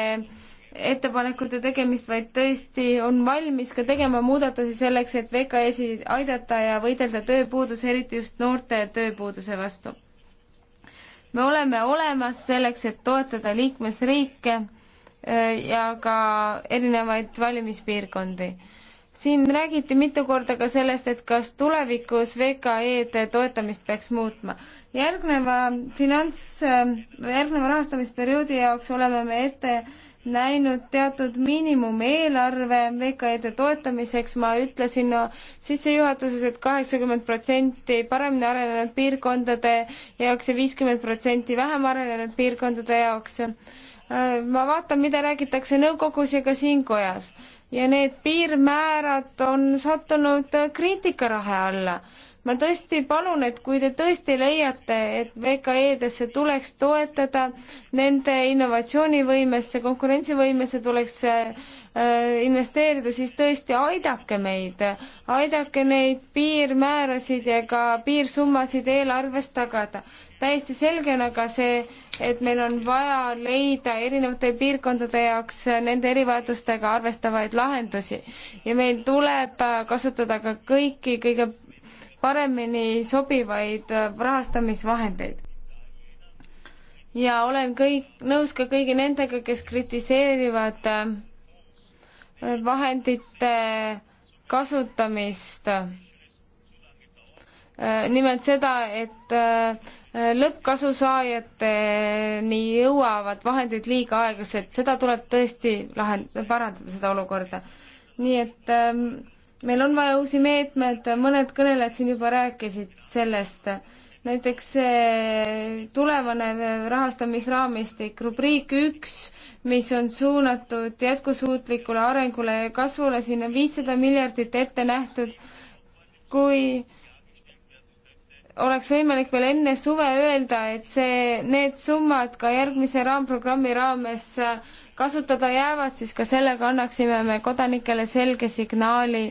ettepanekute tegemist, vaid tõesti on valmis ka tegema muudatusi selleks, et VKS-i aidata ja võidelda tööpuuduse, eriti just noorte tööpuuduse vastu me oleme olemas selleks, et toetada liikmesriike äh, ja ka erinevaid valimispiirkondi. siin räägiti mitu korda ka sellest, et kas tulevikus VKE-de toetamist peaks muutma. järgneva finants, äh, järgneva rahastamisperioodi jaoks oleme me ette näinud teatud miinimumeelarve VKE-de toetamiseks, ma ütlesin no, sissejuhatuses et, et kaheksakümmend protsenti paremini arenenud piirkondade jaoks ja viiskümmend protsenti vähem arenenud piirkondade jaoks. ma vaatan, mida räägitakse nõukogus ja ka siin kojas ja need piirmäärad on sattunud kriitikarahe alla ma tõesti palun, et kui te tõesti leiate, et VKE-desse tuleks toetada, nende innovatsioonivõimesse, konkurentsivõimesse tuleks äh, investeerida, siis tõesti aidake meid, aidake neid piirmäärasid ja ka piirsummasid eelarves tagada. täiesti selge on aga see, et meil on vaja leida erinevate piirkondade jaoks nende erivajadustega arvestavaid lahendusi ja meil tuleb kasutada ka kõiki kõige paremini sobivaid äh, rahastamisvahendeid. ja olen kõik, nõus ka kõigi nendega, kes kritiseerivad äh, vahendite kasutamist. Äh, nimelt seda, et lõppkasusaajateni jõuavad vahendid liiga aeglaselt, seda tuleb tõesti lahend-, parandada, seda olukorda. nii et ähm, meil on vaja uusi meetmeid, mõned kõnelejad siin juba rääkisid sellest, näiteks see tulevane rahastamisraamistik, rubriik üks, mis on suunatud jätkusuutlikule arengule ja kasvule, siin on viissada miljardit ette nähtud, kui oleks võimalik veel enne suve öelda, et see, need summad ka järgmise raamprogrammi raames äh, kasutada jäävad, siis ka sellega annaksime me kodanikele selge signaali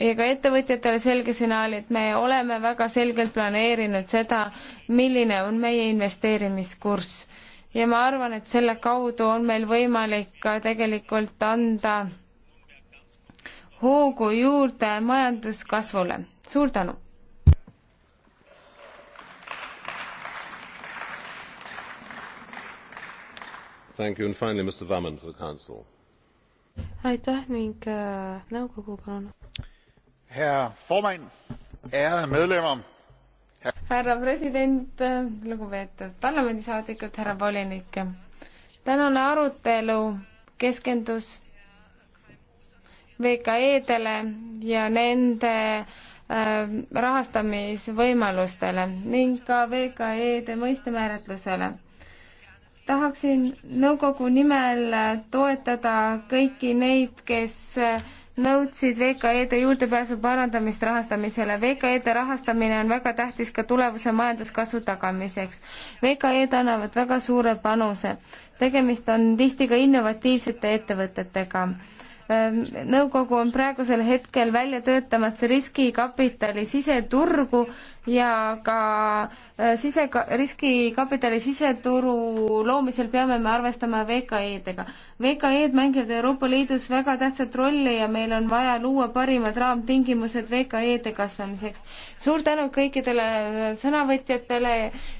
ja ka ettevõtjatele selge signaali, et me oleme väga selgelt planeerinud seda, milline on meie investeerimiskurss. ja ma arvan, et selle kaudu on meil võimalik ka tegelikult anda hoogu juurde majanduskasvule. suur tänu! Thank you and finally Mr Vammen for the council. aitäh ning äh, nõukogu palun. hea Fomen, hea Möllemaa. härra president, äh, lugupeetud parlamendisaadikud, härra volinik. tänane arutelu keskendus VKE-dele ja nende äh, rahastamisvõimalustele ning ka VKE-de mõistemääratlusele tahaksin nõukogu nimel toetada kõiki neid, kes nõudsid VKE-de juurdepääsu parandamist rahastamisele. VKE-de rahastamine on väga tähtis ka tulevuse majanduskasvu tagamiseks. VKE-d annavad väga suure panuse. tegemist on tihti ka innovatiivsete ettevõtetega ehm, nõukogu on praegusel hetkel välja töötamas riskikapitali siseturgu ja ka Äh, sise, riskikapitali siseturu loomisel peame me arvestama VKE-dega. VKE-d mängivad Euroopa Liidus väga tähtsat rolli ja meil on vaja luua parimad raamtingimused VKE-de kasvamiseks. suur tänu kõikidele äh, sõnavõtjatele,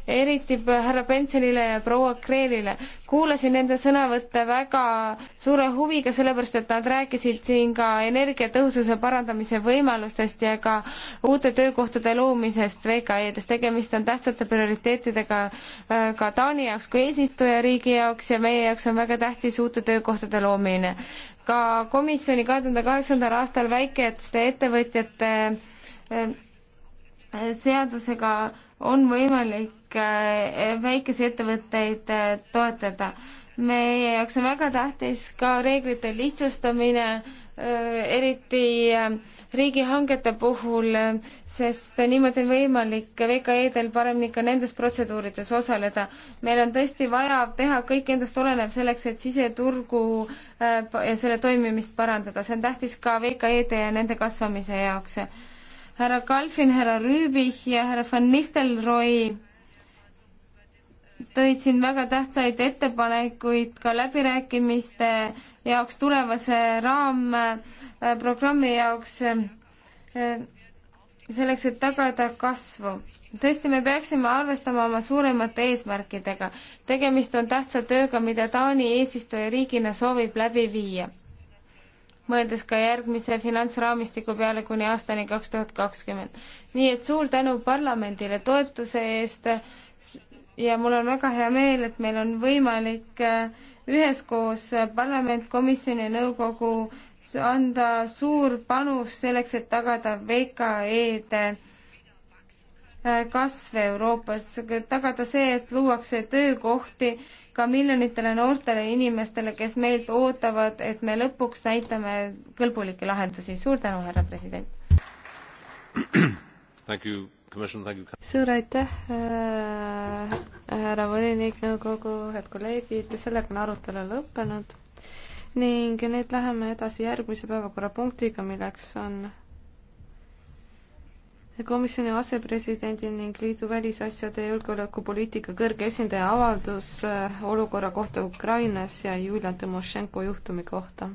eriti härra Penselile ja proua Kreelile. kuulasin nende sõnavõtte väga suure huviga, sellepärast et nad rääkisid siin ka energiatõhususe parandamise võimalustest ja ka uute töökohtade loomisest VKE-des. tegemist on tähtsa tähtsate prioriteetidega äh, ka Taani jaoks kui eesistujariigi jaoks ja meie jaoks on väga tähtis uute töökohtade loomine. ka komisjoni kahe tuhande kaheksandal aastal väikeste ettevõtjate äh, seadusega on võimalik äh, väikese ettevõtteid toetada. meie jaoks on väga tähtis ka reeglite lihtsustamine, eriti riigihangete puhul, sest niimoodi on võimalik VKE-del paremini ka nendes protseduurides osaleda. meil on tõesti vaja teha kõik endast olenev selleks, et siseturgu äh, ja selle toimimist parandada, see on tähtis ka VKE-de ja nende kasvamise jaoks. härra Kalfin, härra Rüübich ja härra Van Nistelrooy tõid siin väga tähtsaid ettepanekuid ka läbirääkimiste jaoks tulevase raam äh, Äh, programmi jaoks, äh, selleks, et tagada kasvu. tõesti, me peaksime arvestama oma suuremate eesmärkidega. tegemist on tähtsa tööga, mida Taani eesistujariigina soovib läbi viia mõeldes ka järgmise finantsraamistiku peale kuni aastani kaks tuhat kakskümmend. nii et suur tänu parlamendile toetuse eest ja mul on väga hea meel, et meil on võimalik äh, üheskoos parlament, komisjon ja nõukogu anda suur panus selleks, et tagada VKE-de äh, kasv Euroopas, tagada see, et luuakse töökohti ka miljonitele noortele inimestele, kes meilt ootavad, et me lõpuks näitame kõlbulikke lahendusi. suur tänu, härra president! suur aitäh äh,, härra volinik, nõukogu, head kolleegid, sellega on arutelu lõppenud ning nüüd läheme edasi järgmise päevakorrapunktiga, milleks on komisjoni asepresidendi ning liidu välisasjade ja julgeolekupoliitika kõrge esindaja avaldus äh, olukorra kohta Ukrainas ja Julia Tõmošenko juhtumi kohta.